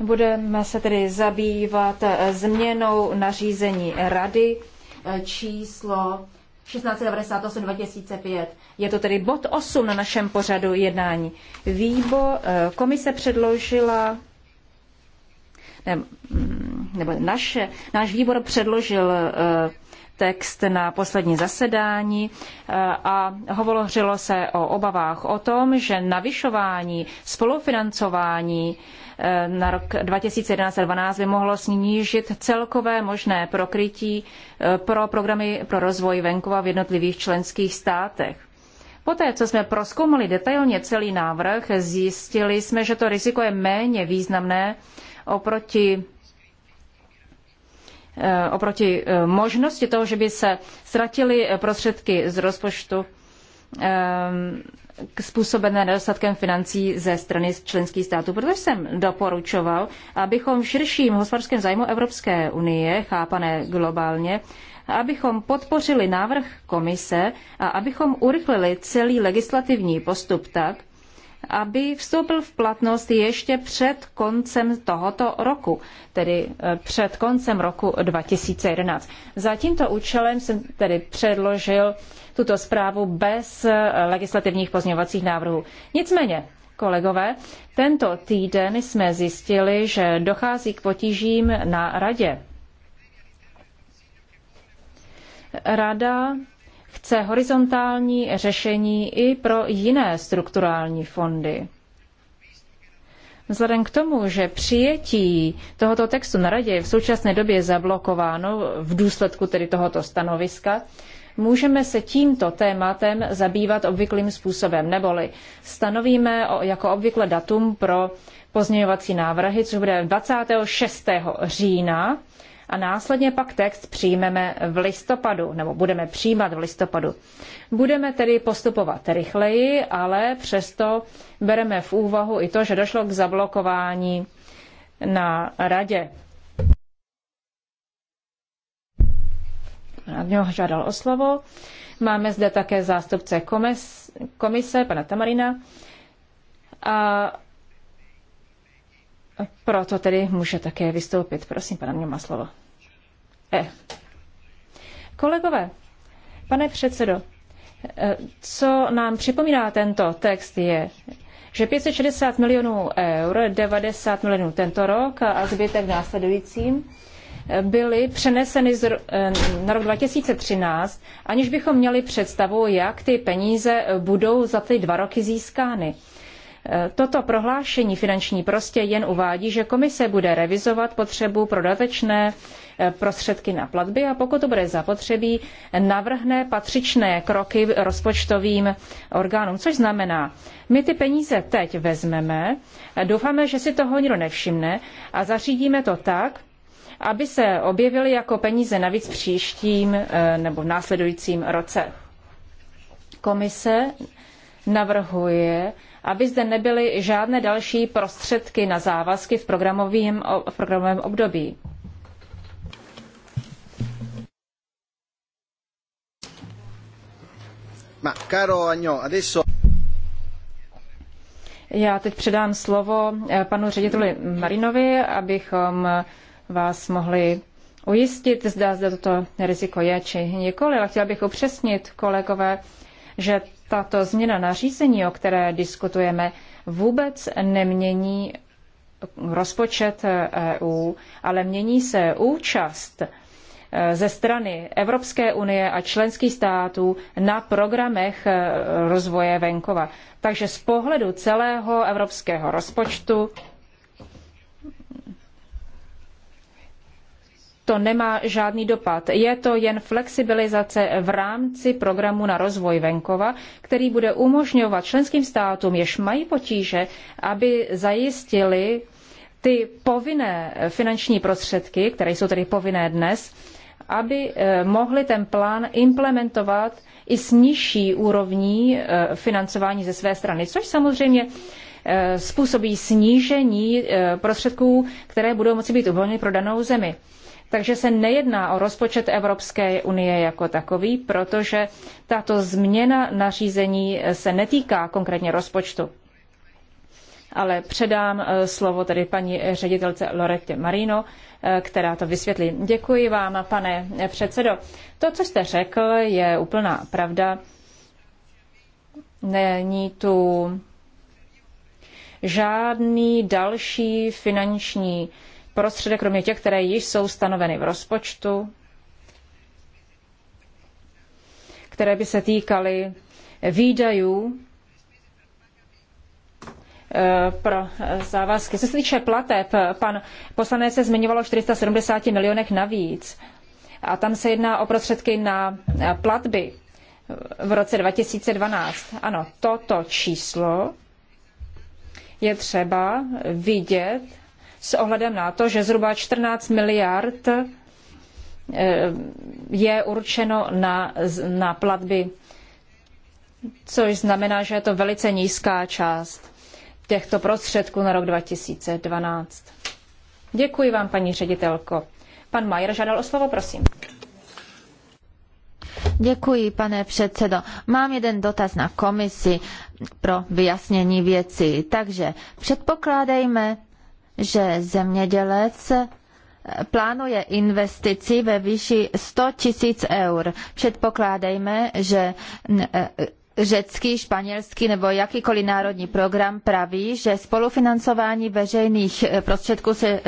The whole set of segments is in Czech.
Budeme se tedy zabývat eh, změnou nařízení Rady eh, číslo 1698 2005. Je to tedy bod 8 na našem pořadu jednání. Výbo, eh, komise předložila ne, mm, nebo naše, náš výbor předložil text na poslední zasedání eh, a hovořilo se o obavách o tom, že navyšování spolufinancování eh, na rok 2011 a 2012 by mohlo snížit celkové možné prokrytí eh, pro programy pro rozvoj venkova v jednotlivých členských státech. Poté, co jsme proskoumali detailně celý návrh, zjistili jsme, že to riziko je méně významné oproti Eh, oproti eh, možnosti toho, že by se ztratily eh, prostředky z rozpočtu k způsobené nedostatkem financí ze strany členských států. Proto jsem doporučoval, abychom v širším hospodářském zájmu Evropské unie, chápané globálně, abychom podpořili návrh komise a abychom urychlili celý legislativní postup tak, aby vstoupil v platnost ještě před koncem tohoto roku, tedy eh, před koncem roku 2011. Za tímto účelem jsem tedy předložil tuto zprávu bez eh, legislativních pozměňovacích návrhů. Nicméně, kolegové, tento týden jsme zjistili, že dochází k potížím na radě. Rada chce horizontální řešení i pro jiné strukturální fondy. Vzhledem k tomu, že přijetí tohoto textu na radě je v současné době zablokováno v důsledku tedy tohoto stanoviska, můžeme se tímto tématem zabývat obvyklým způsobem, neboli stanovíme jako obvykle datum pro pozměňovací návrhy, což bude 26. října a následně pak text přijmeme v listopadu, nebo budeme přijímat v listopadu. Budeme tedy postupovat rychleji, ale přesto bereme v úvahu i to, že došlo k zablokování na radě. Radňo žádal o slovo. Máme zde také zástupce komise, komise pana Tamarina. A proto tedy může také vystoupit. Prosím, pane mě má slovo. E. Kolegové, pane předsedo, e, co nám připomíná tento text je, že 560 milionů eur, 90 milionů tento rok a zbytek následujícím, e, byly přeneseny z, e, na rok 2013, aniž bychom měli představu, jak ty peníze budou za ty dva roky získány. Toto prohlášení finanční prostě jen uvádí, že komise bude revizovat potřebu pro dodatečné eh, prostředky na platby a pokud to bude zapotřebí, navrhne patřičné kroky rozpočtovým orgánům, což znamená, my ty peníze teď vezmeme, doufáme, že si toho nikdo nevšimne a zařídíme to tak, aby se objevily jako peníze navíc příštím eh, nebo v následujícím roce. Komise navrhuje, aby zde nebyly žádné další prostředky na závazky v, programovém, v programovém období. Ma, caro Agno, adesso... Já teď předám slovo eh, panu řediteli Marinovi, abychom vás mohli ujistit, zda zde toto riziko je či nikoli, ale chtěla bych upřesnit, kolegové, že tato změna nařízení, o které diskutujeme, vůbec nemění rozpočet EU, ale mění se účast eh, ze strany Evropské unie a členských států na programech eh, rozvoje venkova. Takže z pohledu celého evropského rozpočtu to nemá žádný dopad. Je to jen flexibilizace v rámci programu na rozvoj venkova, který bude umožňovat členským státům, jež mají potíže, aby zajistili ty povinné finanční prostředky, které jsou tedy povinné dnes, aby eh, mohli ten plán implementovat i s nižší úrovní eh, financování ze své strany, což samozřejmě eh, způsobí snížení prostředků, které budou moci být uvolněny pro danou zemi. Takže se nejedná o rozpočet Evropské unie jako takový, protože tato změna nařízení se netýká konkrétně rozpočtu. Ale předám eh, slovo tedy paní ředitelce Lorette Marino, eh, která to vysvětlí. Děkuji vám, pane předsedo. To, co jste řekl, je úplná pravda. Není tu žádný další finanční prostředek, kromě těch, které již jsou stanoveny v rozpočtu, které by se týkaly výdajů eh, pro závazky. Co se týče plateb, pan poslanec se zmiňoval o 470 milionech navíc. A tam se jedná o prostředky na platby v roce 2012. Ano, toto číslo je třeba vidět s ohledem na to, že zhruba 14 miliard eh, je určeno na, na platby, což znamená, že je to velice nízká část těchto prostředků na rok 2012. Děkuji vám, paní ředitelko. Pan Majer žádal o slovo, prosím. Děkuji, pane předsedo. Mám jeden dotaz na komisi pro vyjasnění věci. Takže předpokládejme, že zemědělec eh, plánuje investici ve výši 100 tisíc eur. Předpokládejme, že eh, řecký, španělský nebo jakýkoliv národní program praví, že spolufinancování veřejných eh, prostředků se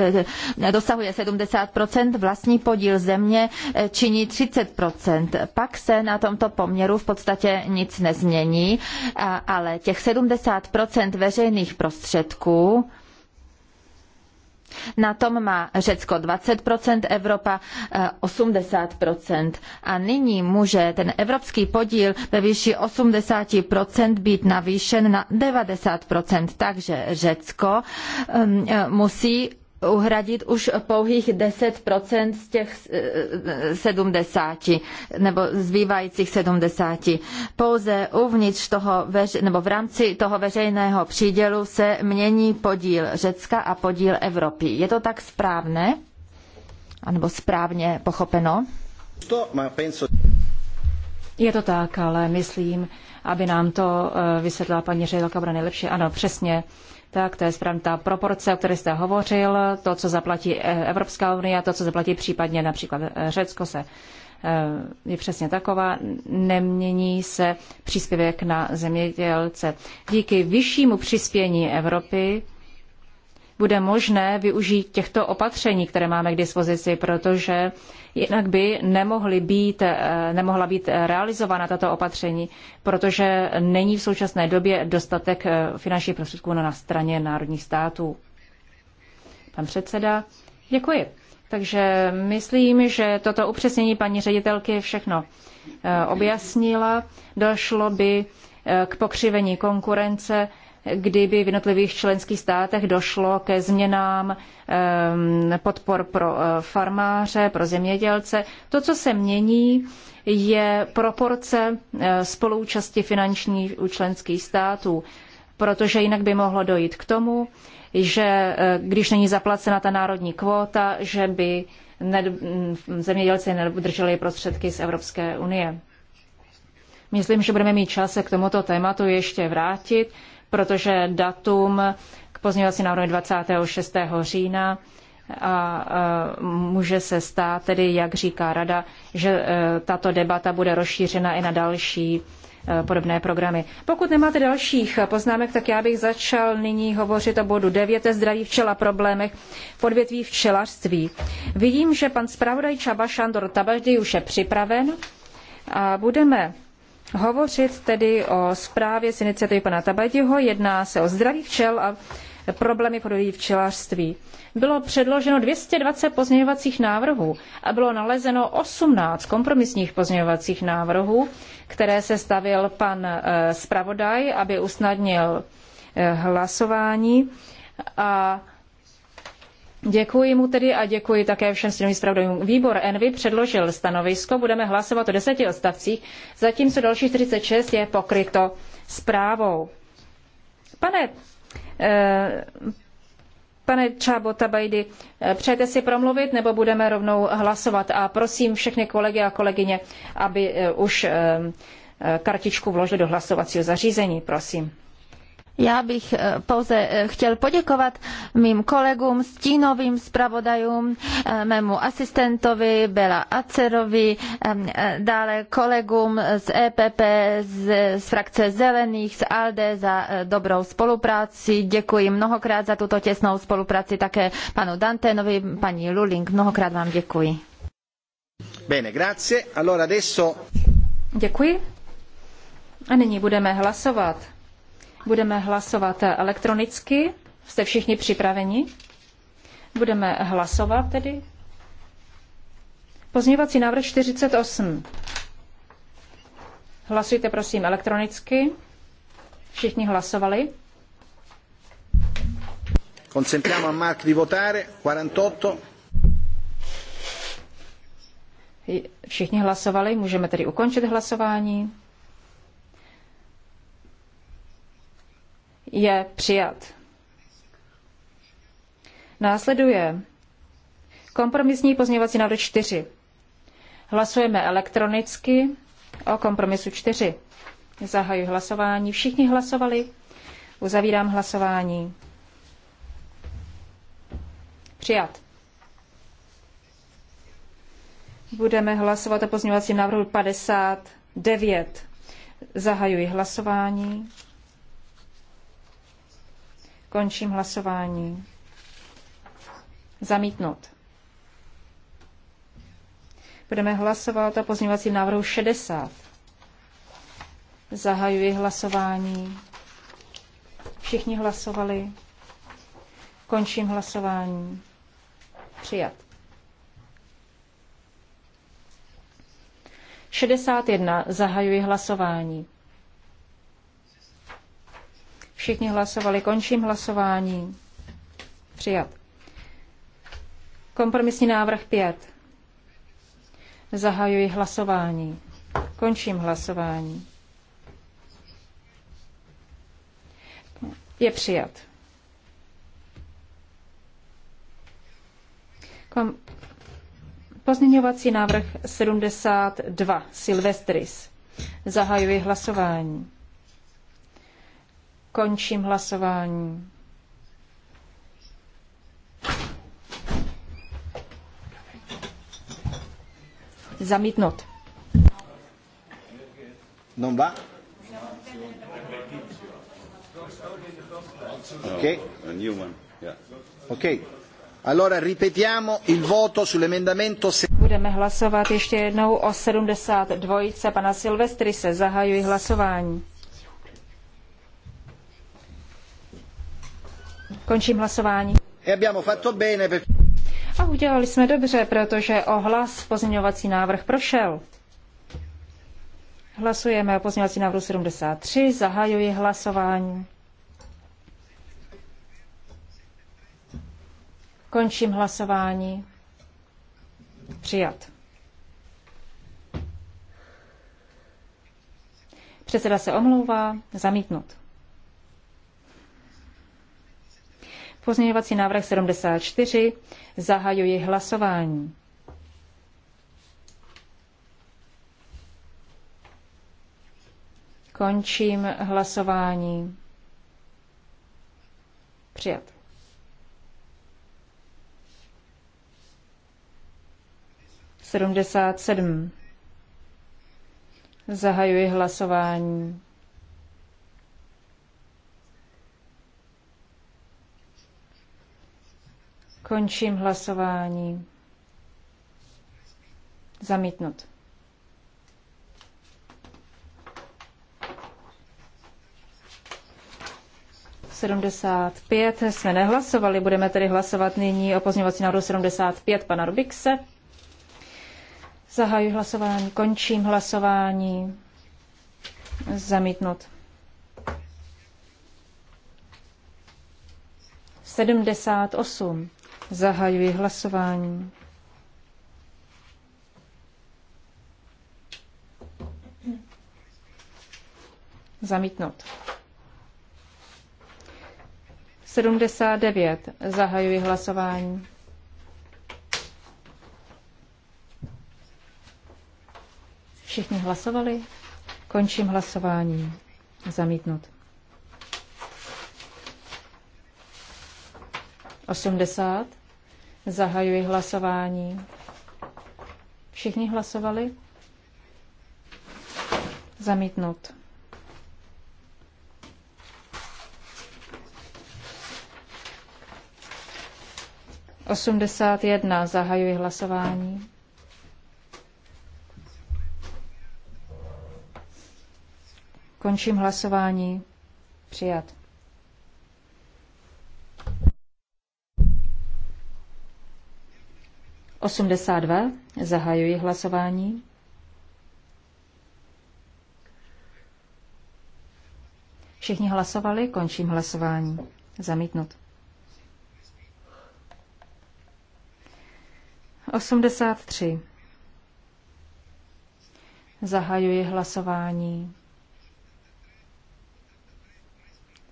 dosahuje 70%, vlastní podíl země činí 30%. Pak se na tomto poměru v podstatě nic nezmění, ale těch 70% veřejných prostředků na tom má Řecko 20%, Evropa 80%. Eh, A nyní může ten evropský podíl ve výši 80% být navýšen na 90%. Takže Řecko ehm, eh, musí uhradit už pouhých 10 z těch 70 eh, nebo zbývajících 70. Pouze uvnitř toho nebo v rámci toho veřejného přídělu se mění podíl Řecka a podíl Evropy. Je to tak správné? Anebo správně pochopeno? Je to tak, ale myslím, aby nám to eh, vysvětlila paní ředitelka, bude nejlepší. Ano, přesně tak to je správně ta proporce, o které jste hovořil, to, co zaplatí eh, Evropská unie a to, co zaplatí případně například eh, Řecko se eh, je přesně taková, nemění se příspěvek na zemědělce. Díky vyššímu přispění Evropy bude možné využít těchto opatření, které máme k dispozici, protože jinak by nemohly být, eh, nemohla být realizována tato opatření, protože není v současné době dostatek eh, finančních prostředků na straně národních států. Pan předseda, děkuji. Takže myslím, že toto upřesnění paní ředitelky všechno eh, objasnila. Došlo by k pokřivení konkurence kdyby v jednotlivých členských státech došlo ke změnám ehm, podpor pro eh, farmáře, pro zemědělce. To, co se mění, je proporce eh, spolúčasti finanční u členských států, protože jinak by mohlo dojít k tomu, že eh, když není zaplacena ta národní kvóta, že by mm, zemědělci nedodrželi prostředky z Evropské unie. Myslím, že budeme mít čas se k tomuto tématu ještě vrátit protože datum k pozměňovací návrhu 26. října a e, může se stát, tedy jak říká rada, že e, tato debata bude rozšířena i na další e, podobné programy. Pokud nemáte dalších poznámek, tak já bych začal nyní hovořit o bodu 9. Zdraví včela problémech podvětví včelařství. Vidím, že pan zpravodaj Čaba Šandor Tabaždy už je připraven a budeme hovořit tedy o zprávě z iniciativy pana Tabadiho. Jedná se o zdraví včel a problémy podobí včelařství. Bylo předloženo 220 pozměňovacích návrhů a bylo nalezeno 18 kompromisních pozměňovacích návrhů, které se stavil pan eh, zpravodaj, aby usnadnil eh, hlasování. A Děkuji mu tedy a děkuji také všem stěnovým zpravodajům. Výbor Envy předložil stanovisko, budeme hlasovat o deseti odstavcích, zatímco další 46 je pokryto zprávou. Pane, eh, pane Čábo Tabajdy, eh, přejete si promluvit nebo budeme rovnou hlasovat? A prosím všechny kolegy a kolegyně, aby eh, už eh, eh kartičku vložili do hlasovacího zařízení, prosím. Já bych eh, pouze eh, chtěl poděkovat mým kolegům, stínovým zpravodajům, eh, mému asistentovi Bela Acerovi, dále kolegům z EPP, z, z frakce Zelených, z ALDE za dobrou spolupráci. Děkuji mnohokrát za tuto těsnou spolupráci také panu Dantenovi, paní Luling. Mnohokrát vám děkuji. Bene, grazie. Allora adesso... Děkuji. A nyní budeme hlasovat. Budeme hlasovat elektronicky. Jste všichni připraveni? Budeme hlasovat tedy. Pozměňovací návrh 48. Hlasujte prosím elektronicky. Všichni hlasovali. Consentiamo a Mark di votare. 48. Všichni hlasovali, můžeme tedy ukončit hlasování. je přijat. Následuje kompromisní pozměňovací návrh 4. Hlasujeme elektronicky o kompromisu 4. Zahajuji hlasování. Všichni hlasovali. Uzavírám hlasování. Přijat. Budeme hlasovat o pozměňovacím návrhu 59. Zahajuji hlasování. Končím hlasování. Zamítnout. Budeme hlasovat o pozměňovacím návrhu 60. Zahajuji hlasování. Všichni hlasovali. Končím hlasování. Přijat. 61. Zahajuji hlasování. Všichni hlasovali. Končím hlasování. Přijat. Kompromisní návrh 5. Zahajuji hlasování. Končím hlasování. Je přijat. Kom- pozměňovací návrh 72 Silvestris. Zahajuji hlasování. Končím hlasování. Zamítnut. Non va? Okay. No, a new one. Yeah. Okay. Allora ripetiamo il voto sull'emendamento se. Budeme hlasovat ještě jednou o 72. Pana Silvestry se zahajuji hlasování. Končím hlasování. E A udělali jsme dobře, protože o hlas pozměňovací návrh prošel. Hlasujeme o pozměňovací návrhu 73. Zahajuji hlasování. Končím hlasování. Přijat. Předseda se omlouvá. Zamítnut. pozměňovací návrh 74. Zahajuji hlasování. Končím hlasování. Přijat. Sedmdesát sedm. Zahajuji hlasování. Končím hlasování. Zamítnut. jsme nehlasovali, budeme tedy hlasovat nyní o pozměňovací návrhu 75 pana Rubikse. Zahajuji hlasování, končím hlasování. Zamítnut. 78. Zahajuji hlasování. Zamítnout. 79. Zahajuji hlasování. Všichni hlasovali? Končím hlasování. Zamítnut. 80. Zahajuji hlasování. Všichni hlasovali? Zamítnut. Osmdesát jedna. Zahajuji hlasování. Končím hlasování. Přijat. 82. Zahajuji hlasování. Všichni hlasovali, končím hlasování. Zamítnut. 83. Zahajuji hlasování.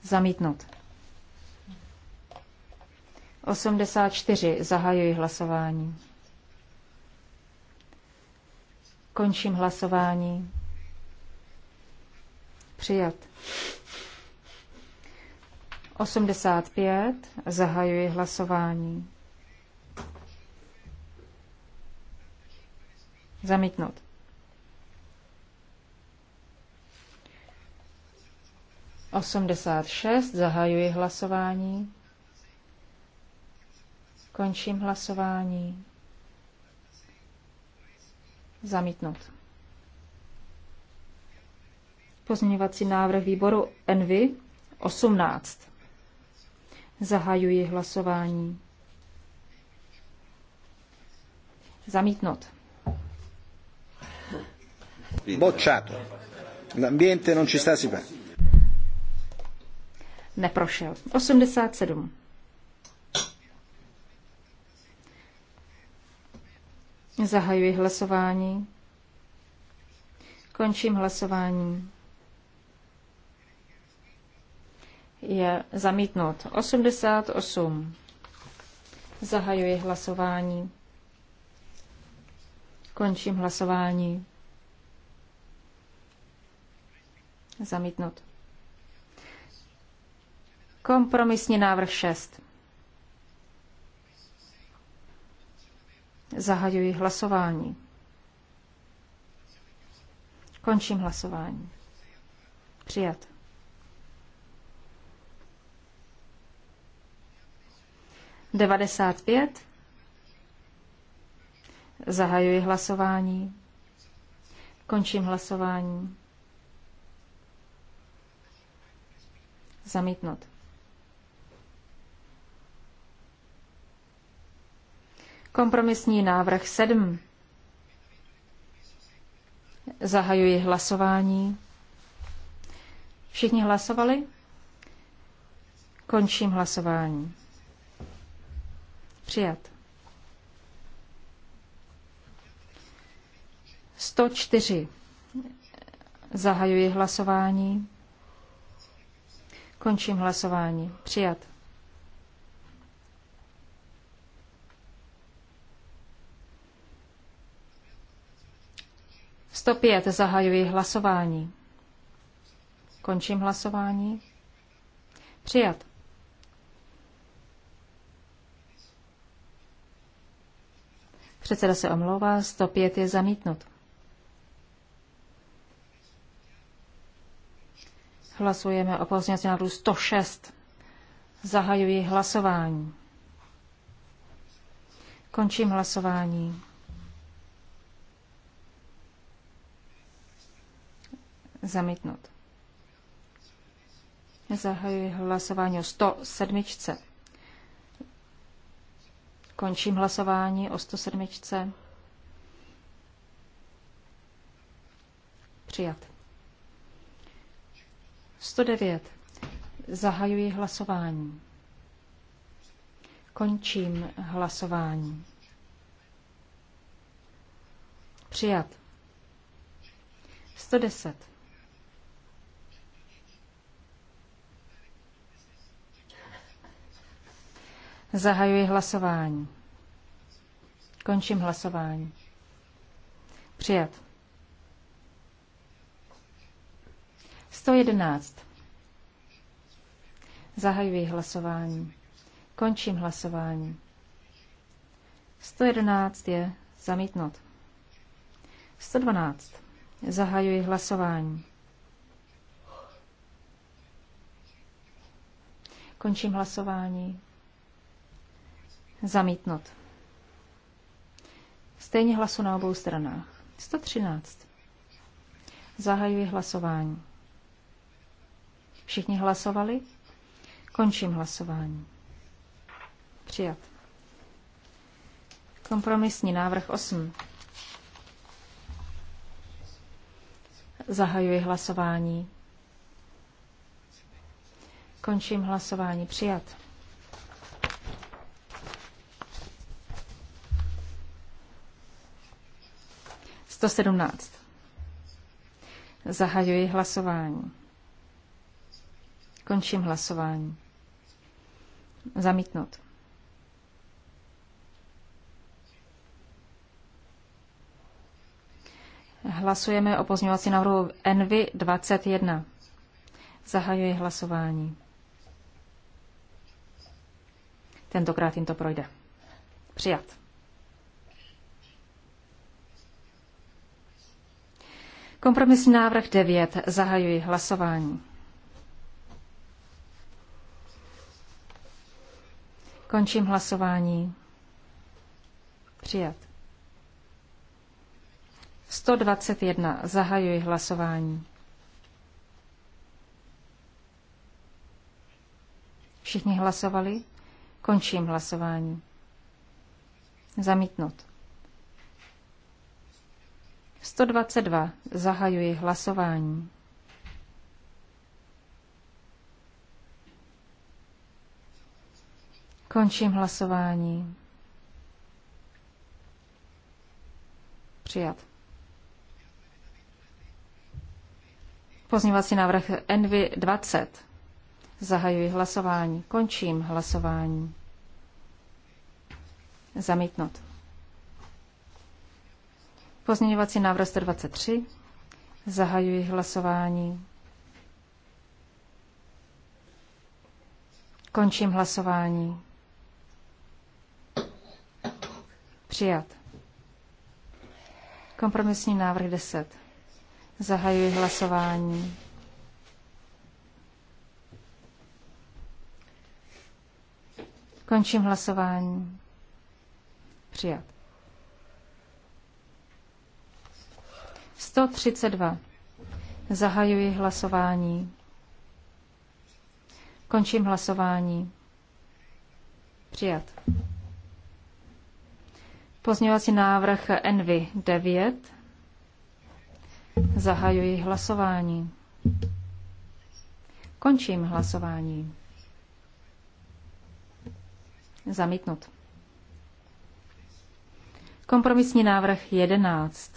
Zamítnut. 84. Zahajuji hlasování. Končím hlasování. Přijat. 85. Zahajuji hlasování. Zamítnout. Osmdesát šest. Zahajuji hlasování. Končím hlasování. Zamítnout. Pozměňovací návrh výboru Envy 18. Zahajuji hlasování. Zamítnout. Bocciato. L'ambiente non ci sta si fa. Neprošel. 87. Zahajuji hlasování. Končím hlasování. Je zamítnut 88. Zahajuji hlasování. Končím hlasování. Zamítnut. Kompromisní návrh 6. Zahajuji hlasování. Končím hlasování. Přijat. Devadesát pět. Zahajuji hlasování. Končím hlasování. Zamítnout. Kompromisní návrh 7. Zahajuji hlasování. Všichni hlasovali? Končím hlasování. Přijat. 104. Zahajuji hlasování. Končím hlasování. Přijat. 105. Zahajuji hlasování. Končím hlasování. Přijat. Předseda se omlouvá, 105 je zamítnut. Hlasujeme o pozměňovacím návrhu 106. Zahajuji hlasování. Končím hlasování. Zamítnut. Zahajuji hlasování o 107. Končím hlasování o 107. Přijat. 109. Zahajuji hlasování. Končím hlasování. Přijat. 110. Zahajuji hlasování. Končím hlasování. Přijat. 111. Zahajuji hlasování. Končím hlasování. 111 je zamítnut. 112. Zahajuji hlasování. Končím hlasování. Zamítnut. Stejně hlasu na obou stranách. 113. Zahajuji hlasování. Všichni hlasovali? Končím hlasování. Přijat. Kompromisní návrh 8. Zahajuji hlasování. Končím hlasování. Přijat. 117. Zahajuji hlasování. Končím hlasování. Zamítnout. Hlasujeme o pozměňovací návrhu nv 21. Zahajuji hlasování. Tentokrát jim to projde. Přijat. Kompromisní návrh 9. Zahajuji hlasování. Končím hlasování. Přijat. 121. Zahajuji hlasování. Všichni hlasovali? Končím hlasování. Zamítnout. 122. Zahajuji hlasování. Končím hlasování. Přijat. Pozměňovací návrh Envy 20. Zahajuji hlasování. Končím hlasování. Zamítnout. Pozměňovací návrh 123. Zahajuji hlasování. Končím hlasování. Přijat. Kompromisní návrh 10. Zahajuji hlasování. Končím hlasování. Přijat. 132. Zahajuji hlasování. Končím hlasování. Přijat. Pozměňovací návrh Envy 9. Zahajuji hlasování. Končím hlasování. Zamítnut. Kompromisní návrh 11.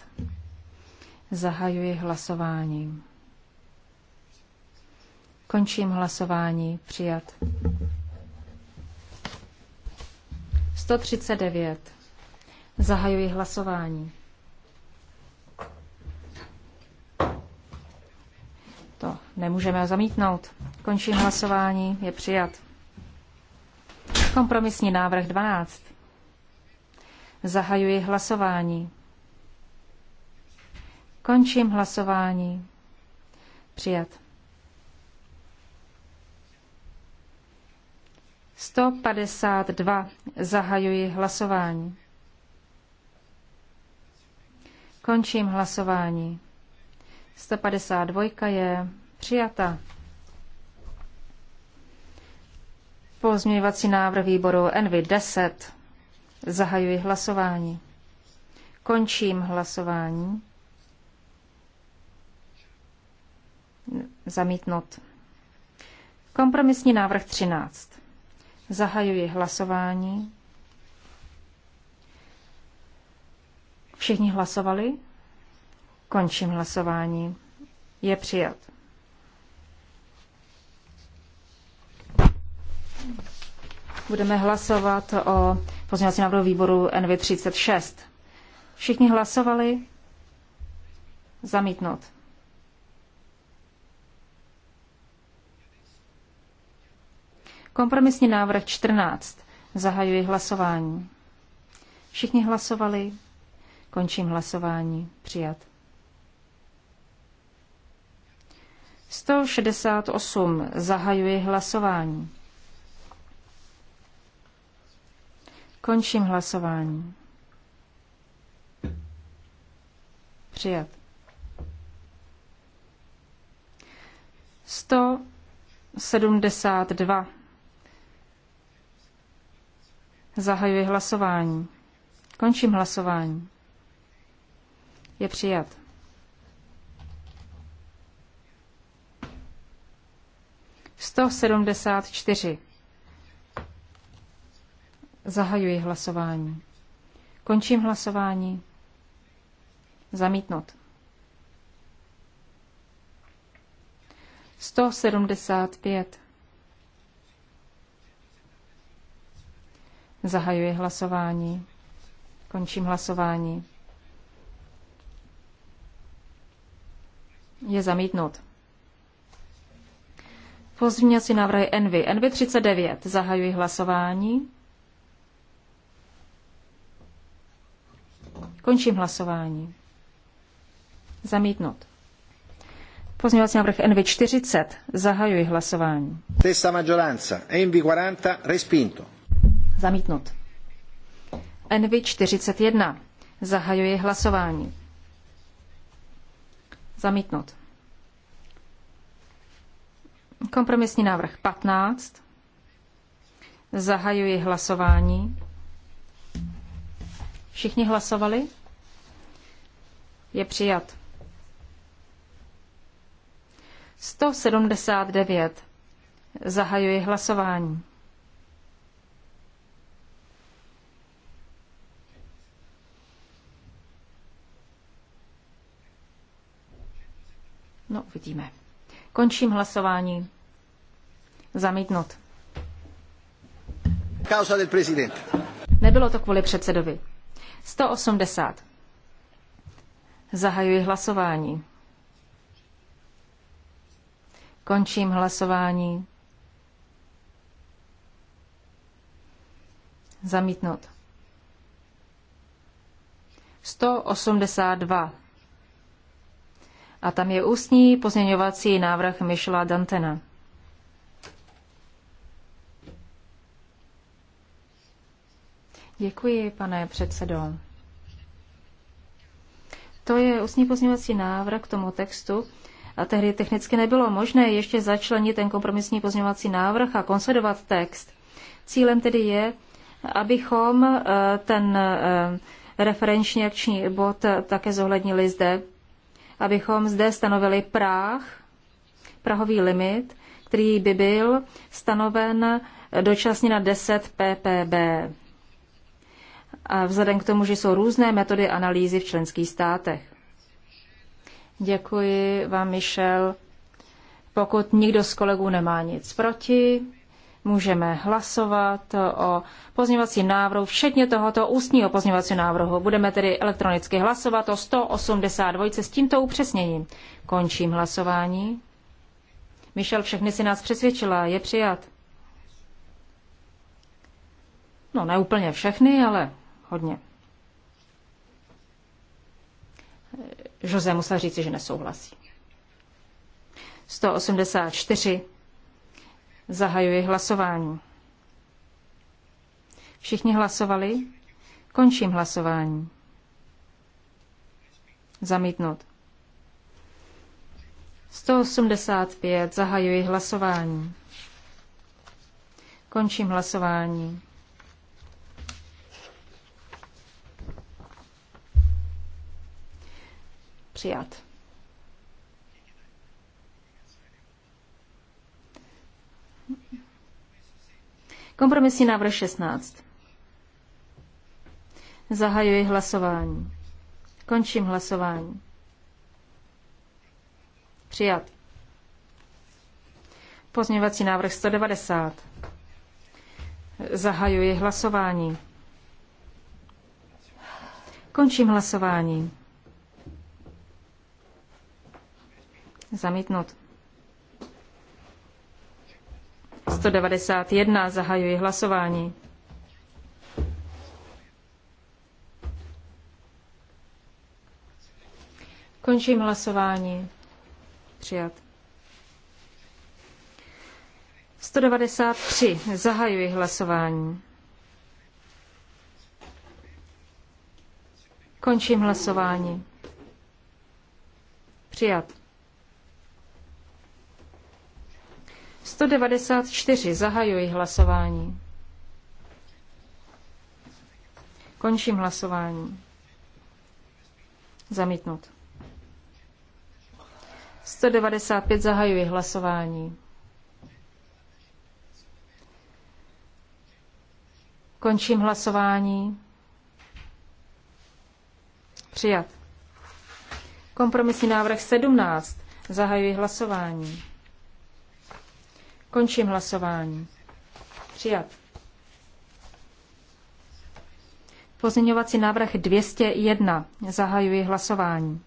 Zahajuji hlasování. Končím hlasování. Přijat. 139. Zahajuji hlasování. To nemůžeme zamítnout. Končím hlasování. Je přijat. Kompromisní návrh 12. Zahajuji hlasování. Končím hlasování. Přijat. 152. Zahajuji hlasování. Končím hlasování. 152 je přijata. Pozměňovací návrh výboru Nv 10. Zahajuji hlasování. Končím hlasování. Zamítnut. Kompromisní návrh 13. Zahajuji hlasování. Všichni hlasovali? Končím hlasování. Je přijat. Budeme hlasovat o pozměňovacím návrhu výboru NV36. Všichni hlasovali? Zamítnout. Kompromisní návrh 14. Zahajuji hlasování. Všichni hlasovali. Končím hlasování. Přijat. 168. Zahajuji hlasování. Končím hlasování. Přijat. 172. Zahajuji hlasování. Končím hlasování. Je přijat. Sto sedmdesát čtyři. Zahajuji hlasování. Končím hlasování. Zamítnout. 175. Zahajuji hlasování. Končím hlasování. Je zamítnut. Pozměňovací návrhy Envy. Envy 39. Zahajuji hlasování. Končím hlasování. Zamítnut. Pozměňovací návrh NV 40. Zahajuji hlasování. Stessa maggioranza. E NV 40. Respinto. Zamítnut. Envy 41. Zahajuji hlasování. Zamítnut. Kompromisní návrh 15. Zahajuji hlasování. Všichni hlasovali? Je přijat. 179. Zahajuji hlasování. No, uvidíme. Končím hlasování. Zamítnut. Causa del presidente. Nebylo to kvůli předsedovi. 180. Zahajuji hlasování. Končím hlasování. Zamítnout. 182. A tam je ústní pozměňovací návrh Michela Dantena. Děkuji, pane předsedo. To je ústní pozměňovací návrh k tomu textu. A tehdy technicky nebylo možné ještě začlenit ten kompromisní pozměňovací návrh a konsolidovat text. Cílem tedy je, abychom eh, ten eh, referenční akční bod také zohlednili zde abychom zde stanovili práh, prahový limit, který by byl stanoven dočasně na 10 ppb. A vzhledem k tomu, že jsou různé metody analýzy v členských státech. Děkuji vám, Michel. Pokud nikdo z kolegů nemá nic proti, můžeme hlasovat o pozměňovacím návrhu, včetně tohoto ústního pozměňovacího návrhu. Budeme tedy elektronicky hlasovat o 182 s tímto upřesněním. Končím hlasování. Michel všechny si nás přesvědčila, je přijat. No, ne úplně všechny, ale hodně. Jose musel říci, že nesouhlasí. 184 Zahajuji hlasování. Všichni hlasovali? Končím hlasování. Zamítnout. 185. Zahajuji hlasování. Končím hlasování. Přijat. Kompromisní návrh 16. Zahajuji hlasování. Končím hlasování. Přijat. Pozměňovací návrh 190. Zahajuji hlasování. Končím hlasování. Zamítnut. 191. Zahajuji hlasování. Končím hlasování. Přijat. 193. Zahajuji hlasování. Končím hlasování. Přijat. 194. Zahajuji hlasování. Končím hlasování. Zamítnut. 195. Zahajuji hlasování. Končím hlasování. Přijat. Kompromisní návrh 17. Zahajuji hlasování. Končím hlasování. Přijat. Pozměňovací návrh 201. Zahajuji hlasování.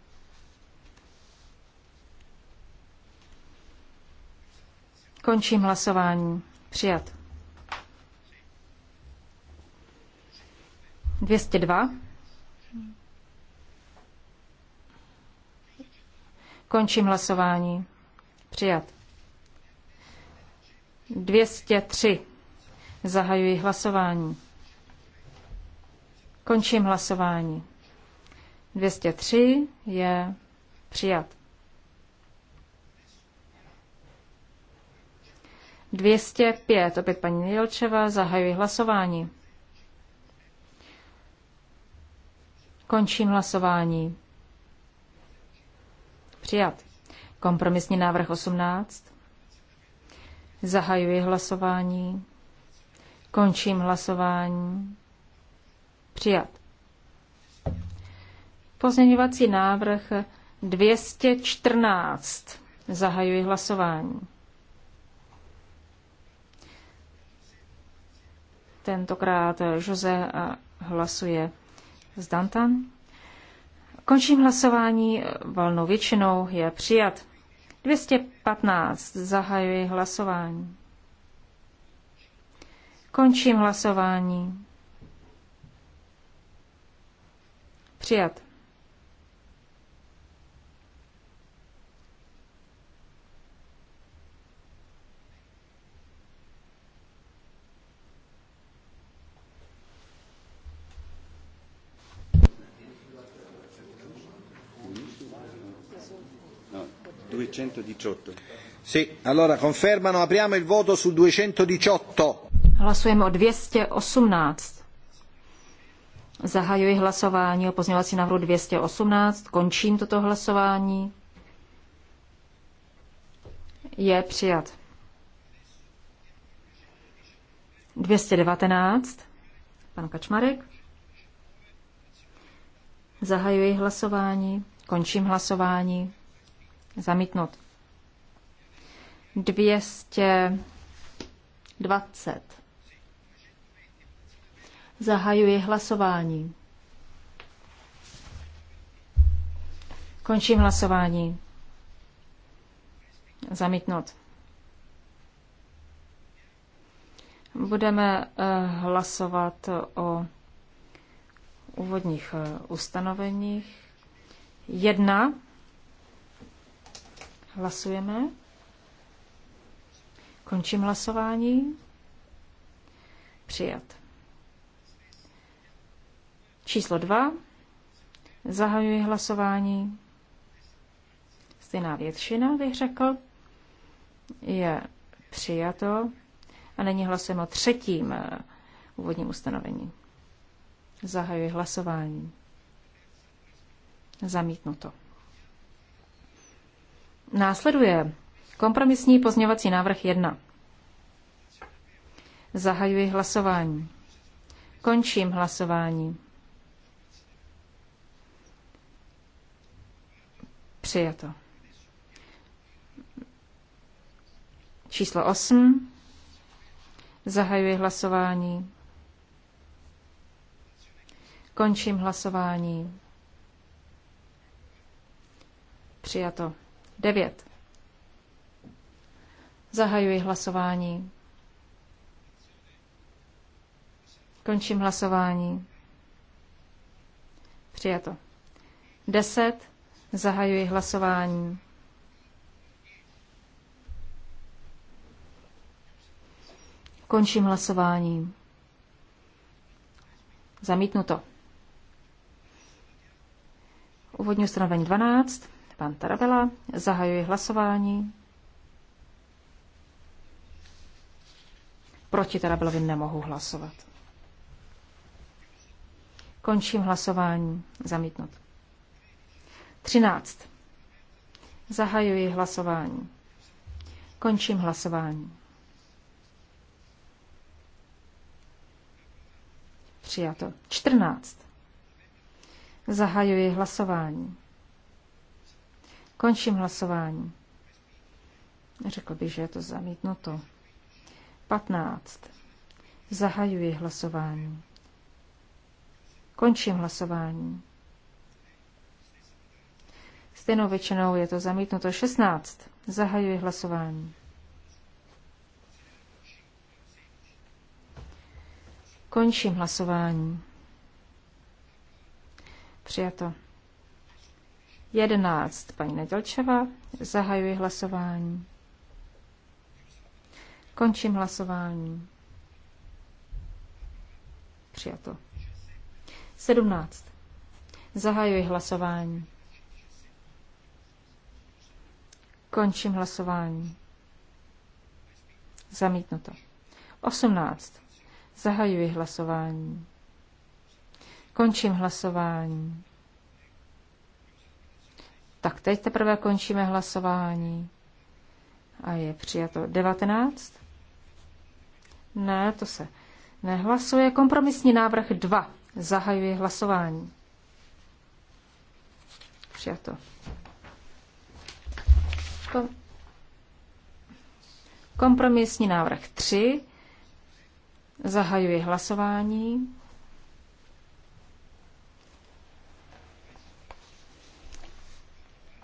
Končím hlasování. Přijat. 202. Končím hlasování. Přijat. 203. Zahajuji hlasování. Končím hlasování. 203 je přijat. 205. Opět paní Jelčeva. Zahajuji hlasování. Končím hlasování. Přijat. Kompromisní návrh 18. Zahajuji hlasování. Končím hlasování. Přijat. Pozměňovací návrh 214. Zahajuji hlasování. Tentokrát Jose hlasuje z Dantan. Končím hlasování valnou většinou, je přijat. 215. Zahajuji hlasování. Končím hlasování. Přijat. 218. Sì, allora confermano, apriamo il voto sul 218. Hlasujeme o 218. Zahajuji hlasování o pozměňovací návrhu 218. Končím toto hlasování. Je přijat. 219. Pan Kačmarek. Zahajuji hlasování. Končím hlasování. Zamítnut. 220. Zahajuji hlasování. Končím hlasování. Zamítnout. Budeme eh, hlasovat o úvodních eh, ustanoveních. Jedna Hlasujeme. Končím hlasování. Přijat. Číslo 2. Zahajuji hlasování. Stejná většina, bych řekl, je přijato. A není hlasujeme o třetím eh, úvodním ustanovení. Zahajuji hlasování. Zamítnuto. Následuje kompromisní pozměňovací návrh 1. Zahajuji hlasování. Končím hlasování. Přijato. Číslo 8. Zahajuji hlasování. Končím hlasování. Přijato. 9. Zahajuji hlasování. Končím hlasování. Přijato. 10. Zahajuji hlasování. Končím hlasování. Zamítnuto. Úvodní ustanovení 12. Pan Tarabela, zahajuji hlasování. Proti Tarabelovi nemohu hlasovat. Končím hlasování. Zamítnut. 13. Zahajuji hlasování. Končím hlasování. Přijato. 14. Zahajuji hlasování. Končím hlasování. Řekl bych, že je to zamítnuto. 15. Zahajuji hlasování. Končím hlasování. Stejnou většinou je to zamítnuto 16. Zahajuji hlasování. Končím hlasování. Přijato. 11. Paní Nedělčeva, zahajuji hlasování. Končím hlasování. Přijato. 17. Zahajuji hlasování. Končím hlasování. Zamítnuto. 18. Zahajuji hlasování. Končím hlasování. Tak teď teprve končíme hlasování. A je přijato 19. Ne, to se nehlasuje. Kompromisní návrh 2. Zahajuje hlasování. Přijato. Kompromisní návrh 3. Zahajuje hlasování.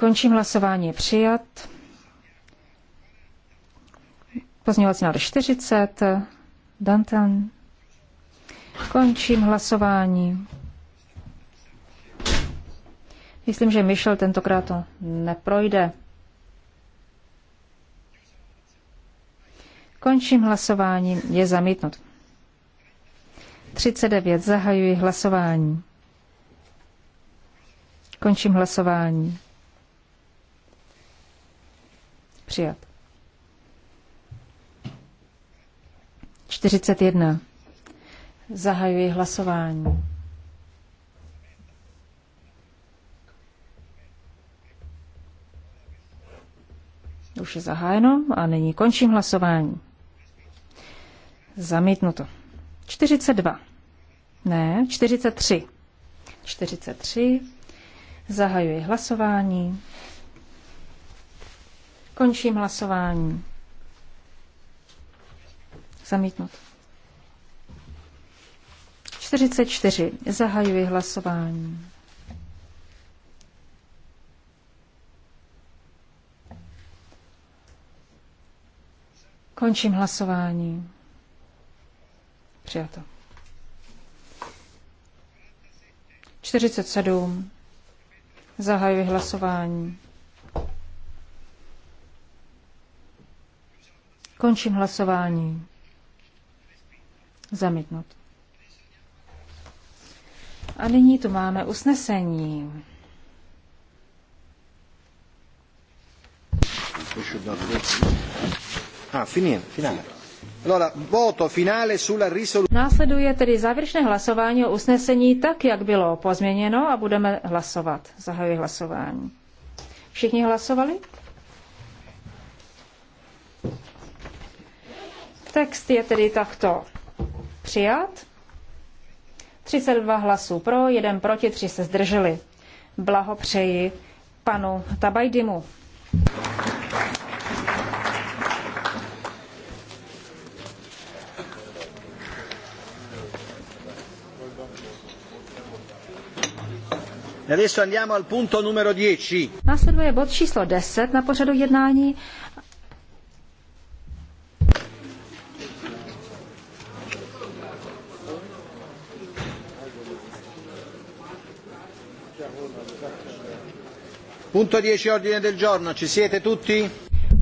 Končím hlasování. Přijat. Pozměňovací návrh 40. Dantan. Končím hlasování. Myslím, že Michel tentokrát to neprojde. Končím hlasování. Je zamítnut. 39. Zahajuji hlasování. Končím hlasování. Přijat. 41. Zahajuji hlasování. Už je zahájeno a nyní končím hlasování. Zamítnuto. 42. Ne, 43. 43. Zahajuji hlasování. Končím hlasování. Zamítnout. 44. Zahajuji hlasování. Končím hlasování. Přijato. 47. Zahajuji hlasování. Končím hlasování. Zamítnut. A nyní tu máme usnesení. Ah, Následuje tedy závěrečné hlasování o usnesení tak, jak bylo pozměněno a budeme hlasovat. Zahajuji hlasování. Všichni hlasovali? Text je tedy takto přijat. 32 hlasů pro, jeden proti, tři se zdrželi. Blahopřeji panu Tabajdimu. E Následuje bod číslo 10 na pořadu jednání Punto 10 ordine del giorno, ci siete tutti?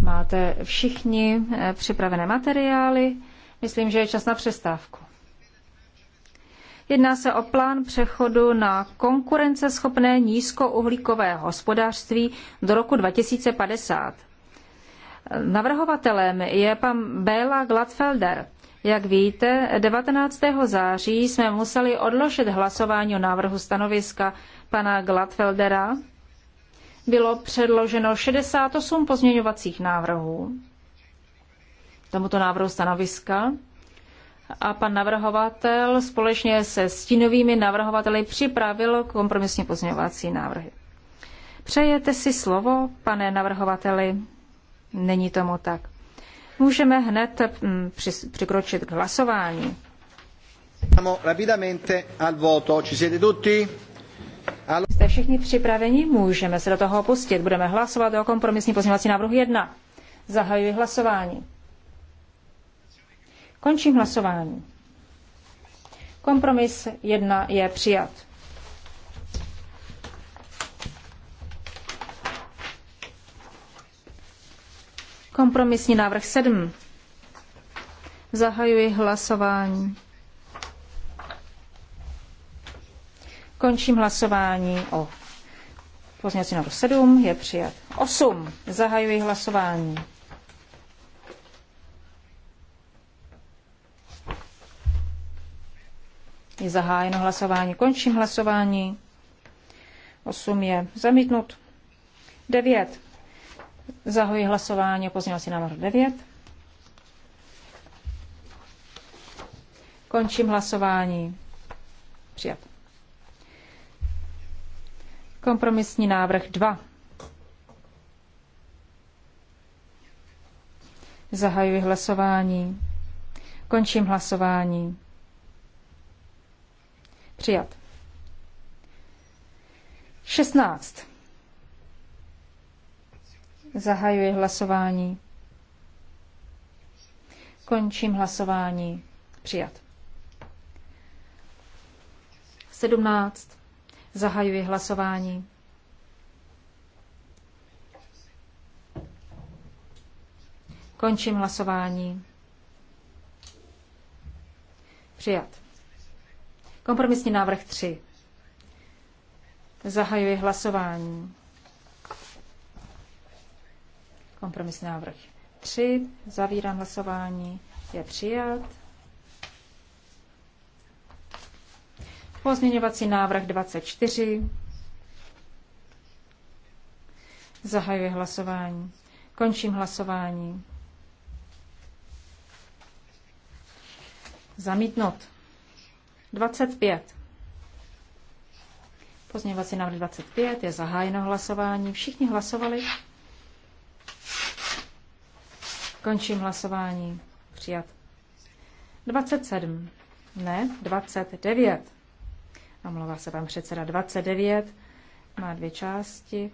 Máte všichni eh, připravené materiály? Myslím, že je čas na přestávku. Jedná se o plán přechodu na konkurenceschopné nízkouhlíkové hospodářství do roku 2050. Navrhovatelem je pan Béla Gladfelder. Jak víte, 19. září jsme museli odložit hlasování o návrhu stanoviska pana Gladfeldera bylo předloženo 68 pozměňovacích návrhů tomuto návrhu stanoviska a pan navrhovatel společně se stínovými navrhovateli připravil kompromisní pozměňovací návrhy. Přejete si slovo, pane navrhovateli? Není tomu tak. Můžeme hned mm, přikročit k hlasování. Rapidamente al voto. Ci siete tutti? Jste všichni připraveni? Můžeme se do toho opustit. Budeme hlasovat o kompromisní pozměňovací návrhu 1. Zahajuji hlasování. Končím hlasování. Kompromis 1 je přijat. Kompromisní návrh 7. Zahajuji hlasování. Končím hlasování o pozměňovací návrh 7. Je přijat 8. Zahajuji hlasování. Je zahájeno hlasování. Končím hlasování. 8 je zamítnut. 9. Zahoji hlasování o pozměňovací návrh 9. Končím hlasování. Přijat. Kompromisní návrh 2. Zahajuji hlasování. Končím hlasování. Přijat. 16. Zahajuji hlasování. Končím hlasování. Přijat. 17. Zahajuji hlasování. Končím hlasování. Přijat. Kompromisní návrh 3. Zahajuji hlasování. Kompromisní návrh 3. Zavírám hlasování. Je přijat. Pozměňovací návrh 24. Zahajuji hlasování. Končím hlasování. Zamítnout. 25. Pozměňovací návrh 25 je zahájeno hlasování. Všichni hlasovali. Končím hlasování. Přijat. 27. Ne, 29 omlouvá se pan předseda 29, má dvě části.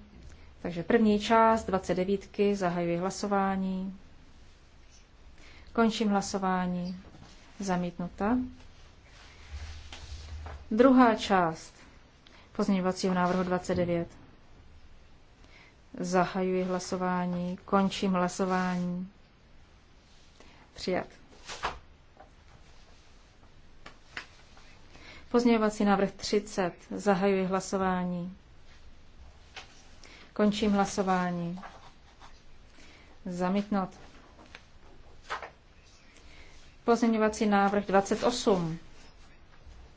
Takže první část 29. zahajuji hlasování. Končím hlasování. Zamítnuta. Druhá část pozměňovacího návrhu 29. Zahajuji hlasování, končím hlasování. Přijat. Pozměňovací návrh 30. Zahajuji hlasování. Končím hlasování. Zamítnout. Pozměňovací návrh 28.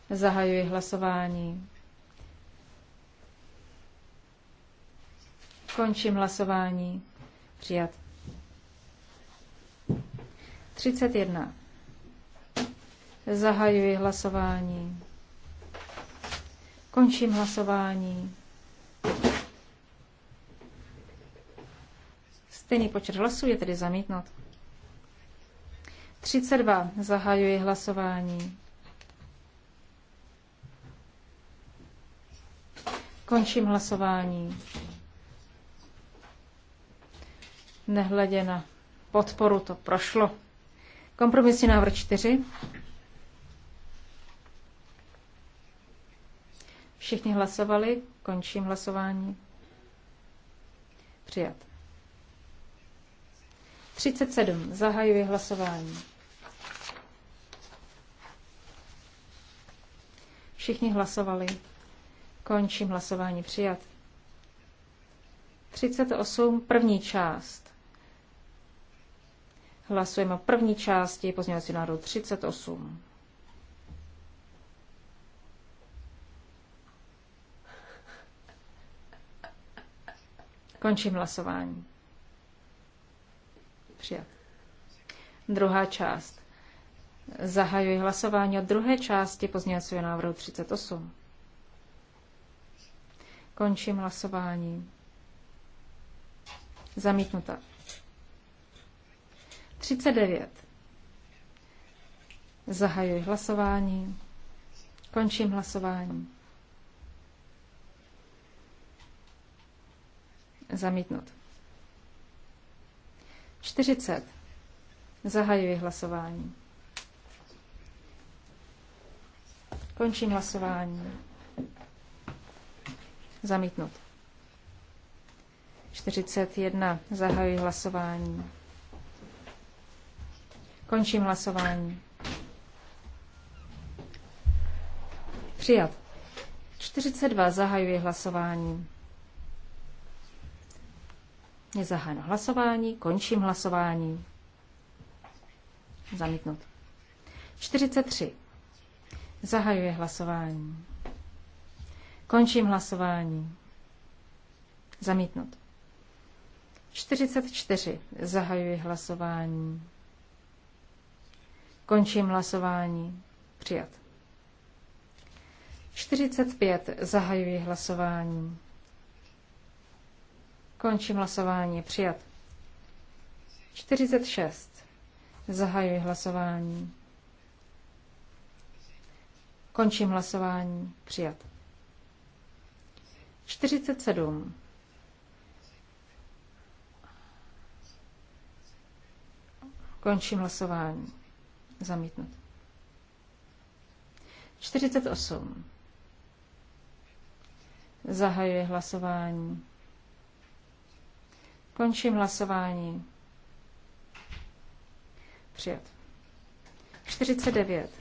Zahajuji hlasování. Končím hlasování. Přijat. 31. Zahajuji hlasování. Končím hlasování. Stejný počet hlasů je tedy zamítnut. 32. Zahajuji hlasování. Končím hlasování. Nehledě na podporu to prošlo. Kompromisní návrh 4. Všichni hlasovali, končím hlasování. Přijat. 37. Zahajuji hlasování. Všichni hlasovali. Končím hlasování. Přijat. 38. První část. Hlasujeme o první části pozměňovacího národu 38. Končím hlasování. Přijat. Druhá část. Zahajuji hlasování o druhé části pozměňovacího návrhu 38. Končím hlasování. Zamítnuta. 39. Zahajuji hlasování. Končím hlasování. Zamítnut. 40. Zahajuji hlasování. Končím hlasování. Zamítnut. 41. Zahajuji hlasování. Končím hlasování. Přijat. 42. Zahajuji hlasování. Je zahájeno hlasování, končím hlasování. Zamítnut. 43. Zahajuje hlasování. Končím hlasování. Zamítnut. 44. Zahajuji hlasování. Končím hlasování. Přijat. 45. Zahajuji hlasování. Končím hlasování. Přijat. 46. Zahajuji hlasování. Končím hlasování. Přijat. 47. Končím hlasování. Zamítnut. 48. Zahajuji hlasování. Končím hlasování. Přijat. 49.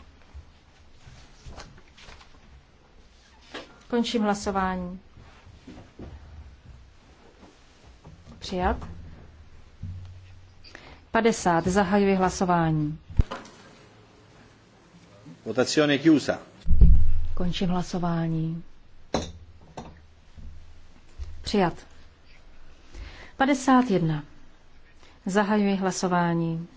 Končím hlasování. Přijat. 50. Zahajuji hlasování. Votazione chiusa. Končím hlasování. Přijat. 51. Zahajuji hlasování.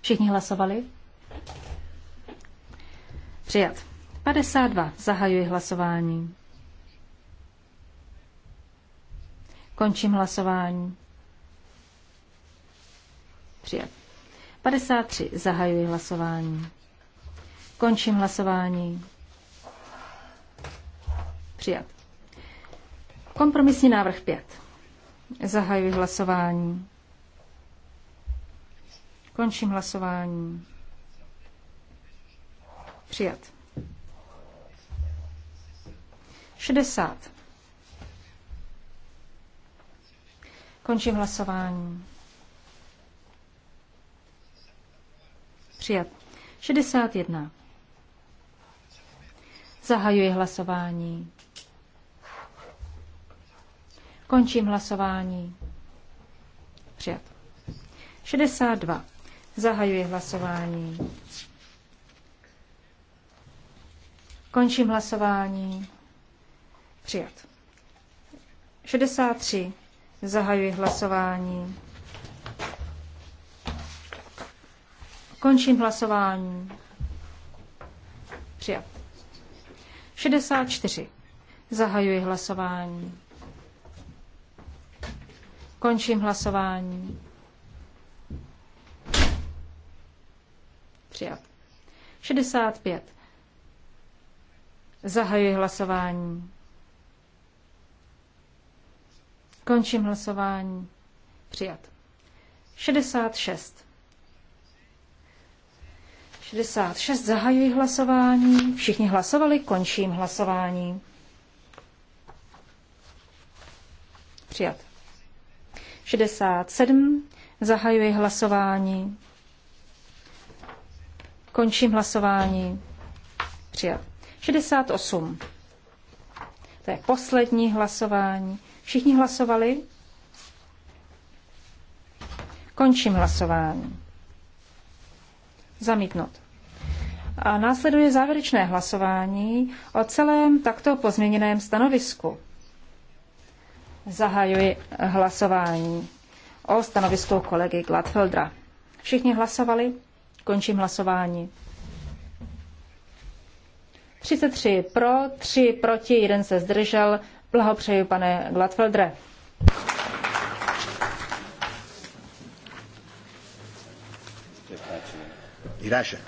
Všichni hlasovali? Přijat. 52. Zahajuji hlasování. Končím hlasování. Přijat. 53. Zahajuji hlasování. Končím hlasování. Přijat. Kompromisní návrh 5. Zahajuji hlasování. Končím hlasování. Přijat. 60. Končím hlasování. Přijat. 61. Zahajuji hlasování. Končím hlasování. Přijat. 62. Zahajuji hlasování. Končím hlasování. Přijat. 63. Zahajuji hlasování. Končím hlasování. Přijat. 64. Zahajuji hlasování. Končím hlasování. Přijat. 65. Zahajuji hlasování. Končím hlasování. Přijat. 66. 66. Zahajuji hlasování. Všichni hlasovali. Končím hlasování. Přijat. 67. Zahajuji hlasování. Končím hlasování. Přijat. 68. To je poslední hlasování. Všichni hlasovali? Končím hlasování. Zamítnout. A následuje závěrečné hlasování o celém takto pozměněném stanovisku. Zahajuji hlasování o stanovisku kolegy Gladfeldra. Všichni hlasovali? Končím hlasování. 33 pro, 3 proti, 1 se zdržel. Blahopřeji, pane Gladfeldre. Iraše.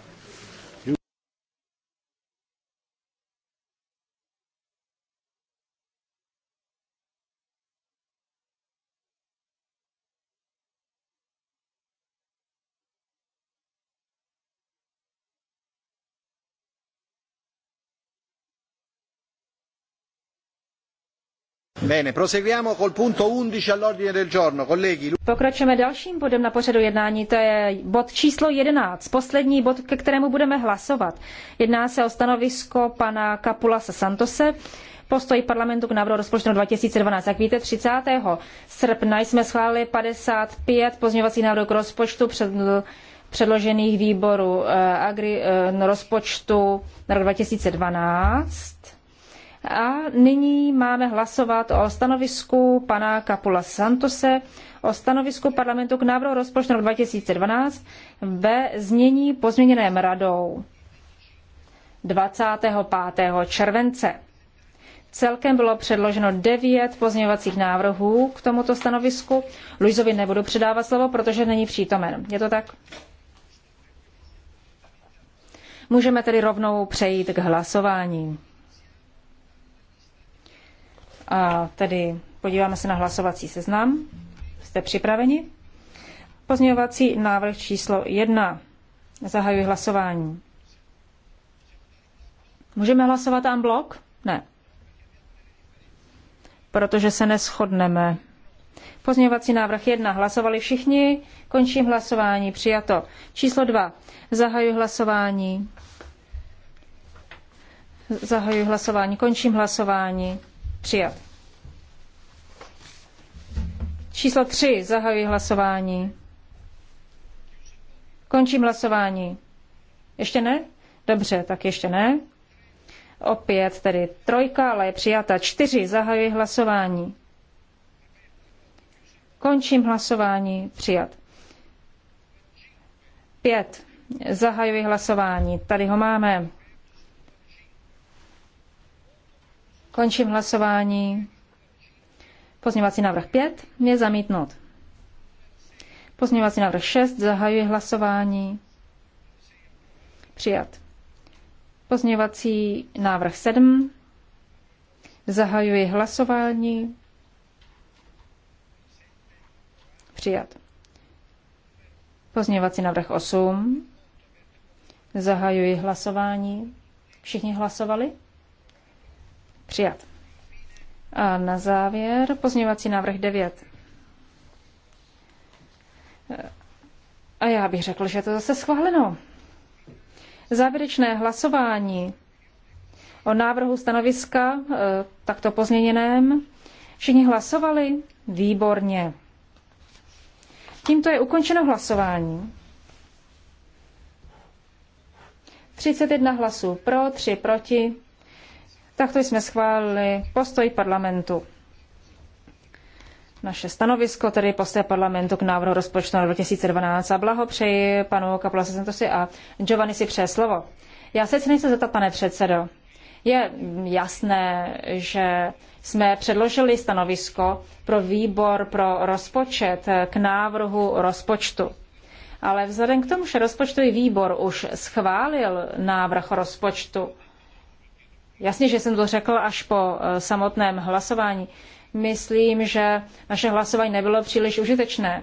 Pokračujeme dalším bodem na pořadu jednání, to je bod číslo 11, poslední bod, ke kterému budeme hlasovat. Jedná se o stanovisko pana Kapula Santose, postoj parlamentu k návrhu rozpočtu 2012. Jak víte, 30. srpna jsme schválili 55 pozměňovacích návrhů k rozpočtu před, předložených výboru eh, agri, eh, rozpočtu na rok 2012 a nyní máme hlasovat o stanovisku pana Kapula Santose, o stanovisku parlamentu k návrhu rozpočtu 2012 ve znění pozměněném radou 25. července. Celkem bylo předloženo devět pozměňovacích návrhů k tomuto stanovisku. Luizovi nebudu předávat slovo, protože není přítomen. Je to tak? Můžeme tedy rovnou přejít k hlasování. A tedy podíváme se na hlasovací seznam. Jste připraveni? Pozměňovací návrh číslo 1. Zahajuji hlasování. Můžeme hlasovat en blok? Ne. Protože se neschodneme. Pozměňovací návrh 1. Hlasovali všichni. Končím hlasování. Přijato. Číslo 2. Zahajuji hlasování. Zahajuji hlasování. Končím hlasování. Přijat. Číslo 3. Zahajuji hlasování. Končím hlasování. Ještě ne? Dobře, tak ještě ne. Opět tedy trojka, ale je přijata. Čtyři, zahajuji hlasování. Končím hlasování, přijat. Pět, zahajuji hlasování. Tady ho máme. Končím hlasování. Pozměňovací návrh 5 je zamítnut. Pozměňovací návrh 6 zahajuje hlasování. Přijat. Pozměňovací návrh 7 zahajuji hlasování. Přijat. Pozměňovací návrh 8 zahajuji hlasování. Všichni hlasovali? Přijat. A na závěr pozměňovací návrh 9. A já bych řekl, že je to zase schváleno. Závěrečné hlasování o návrhu stanoviska e, takto pozměněném. Všichni hlasovali? Výborně. Tímto je ukončeno hlasování. 31 hlasů pro, 3 proti, Takto jsme schválili postoj parlamentu. Naše stanovisko, tedy postoj parlamentu k návrhu rozpočtu na 2012. A blahopřeji panu Kapulase Santosi a Giovanni si přeje slovo. Já se chci nejsem zeptat, pane předsedo. Je jasné, že jsme předložili stanovisko pro výbor pro rozpočet k návrhu rozpočtu. Ale vzhledem k tomu, že rozpočtový výbor už schválil návrh rozpočtu, Jasně, že jsem to řekl až po eh, samotném hlasování. Myslím, že naše hlasování nebylo příliš užitečné.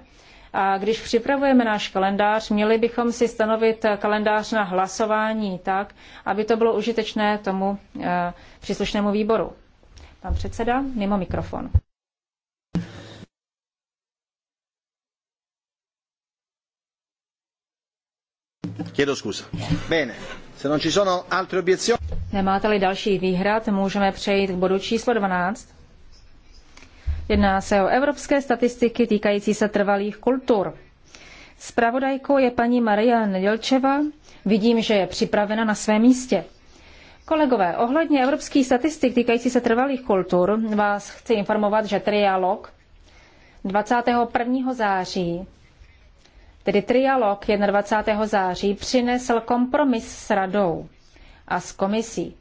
A když připravujeme náš kalendář, měli bychom si stanovit eh, kalendář na hlasování tak, aby to bylo užitečné tomu eh, příslušnému výboru. Pan předseda, mimo mikrofon. Nemáte-li další výhrad, můžeme přejít k bodu číslo 12. Jedná se o evropské statistiky týkající se trvalých kultur. Spravodajkou je paní Maria Nedělčeva. Vidím, že je připravena na svém místě. Kolegové, ohledně evropských statistik týkající se trvalých kultur vás chci informovat, že trialog 21. září tedy trialog 21. září, přinesl kompromis s radou a s komisí.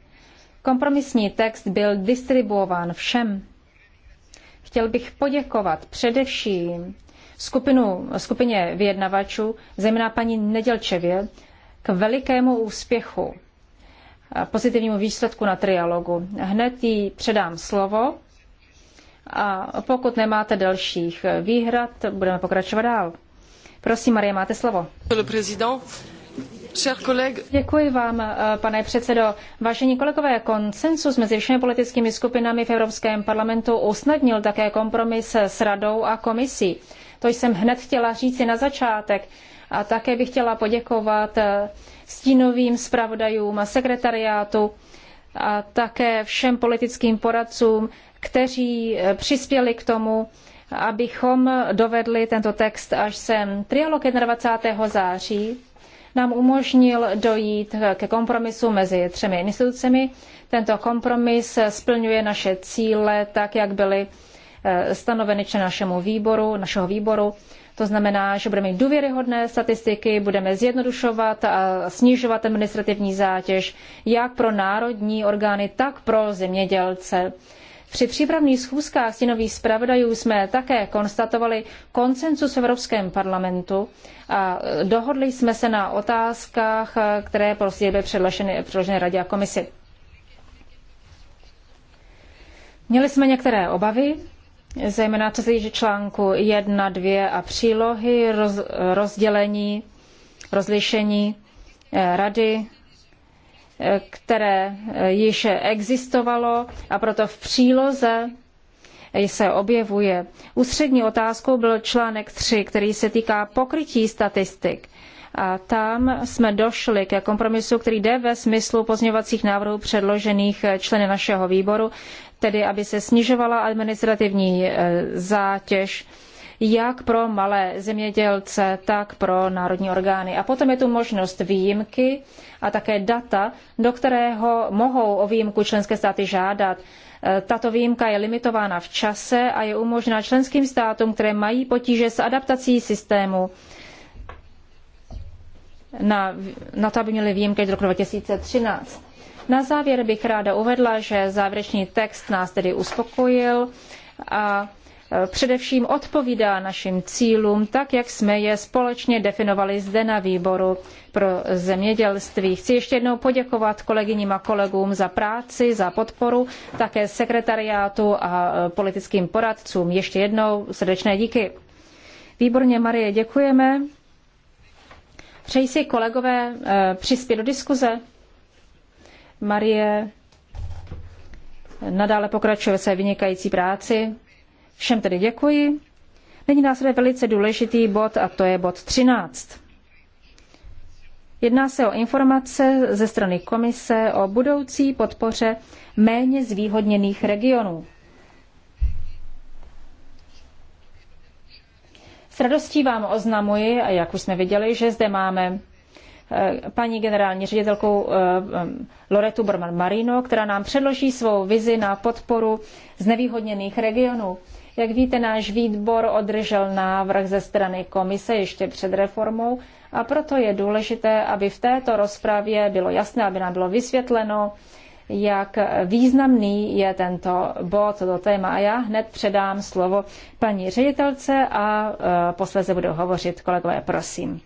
Kompromisní text byl distribuován všem. Chtěl bych poděkovat především skupinu, skupině vyjednavačů, zejména paní Nedělčevě, k velikému úspěchu, pozitivnímu výsledku na trialogu. Hned jí předám slovo a pokud nemáte dalších výhrad, budeme pokračovat dál. Prosím, Marie, máte slovo. Děkuji vám, eh, pane předsedo. Vážení kolegové, konsensus mezi všemi politickými skupinami v Evropském parlamentu usnadnil také kompromis s radou a komisí. To jsem hned chtěla říci na začátek. A také bych chtěla poděkovat eh, stínovým zpravodajům a sekretariátu a také všem politickým poradcům, kteří eh, přispěli k tomu, abychom dovedli tento text až sem. Trialog 21. září nám umožnil dojít ke kompromisu mezi třemi institucemi. Tento kompromis splňuje naše cíle tak, jak byly eh, stanoveny či našemu výboru, našeho výboru. To znamená, že budeme mít důvěryhodné statistiky, budeme zjednodušovat a snižovat administrativní zátěž jak pro národní orgány, tak pro zemědělce. Při přípravných schůzkách stínových zpravodajů jsme také konstatovali koncensus v Evropském parlamentu a dohodli jsme se na otázkách, které prostě byly předloženy, předloženy radě a komisi. Měli jsme některé obavy, zejména co se týče článku 1, 2 a přílohy, roz, rozdělení, rozlišení eh, rady které již existovalo a proto v příloze se objevuje. Ústřední otázkou byl článek 3, který se týká pokrytí statistik. A tam jsme došli ke kompromisu, který jde ve smyslu pozměňovacích návrhů předložených členy našeho výboru, tedy aby se snižovala administrativní eh, zátěž jak pro malé zemědělce, tak pro národní orgány. A potom je tu možnost výjimky a také data, do kterého mohou o výjimku členské státy žádat. E, tato výjimka je limitována v čase a je umožněna členským státům, které mají potíže s adaptací systému na, na to, aby měly výjimky do roku 2013. Na závěr bych ráda uvedla, že závěrečný text nás tedy uspokojil a Eh, především odpovídá našim cílům, tak jak jsme je společně definovali zde na výboru pro zemědělství. Chci ještě jednou poděkovat kolegyním a kolegům za práci, za podporu, také sekretariátu a eh, politickým poradcům. Ještě jednou srdečné díky. Výborně, Marie, děkujeme. Přeji si kolegové eh, přispět do diskuze. Marie nadále pokračuje ve své vynikající práci. Všem tedy děkuji. Nyní následuje velice důležitý bod a to je bod 13. Jedná se o informace ze strany komise o budoucí podpoře méně zvýhodněných regionů. S radostí vám oznamuji, a jak už jsme viděli, že zde máme eh, paní generální ředitelkou eh, eh, Loretu Borman Marino, která nám předloží svou vizi na podporu znevýhodněných regionů. Jak víte, náš výbor održel návrh ze strany komise ještě před reformou a proto je důležité, aby v této rozpravě bylo jasné, aby nám bylo vysvětleno, jak významný je tento bod, toto téma. A já hned předám slovo paní ředitelce a e, posléze budou hovořit kolegové, prosím.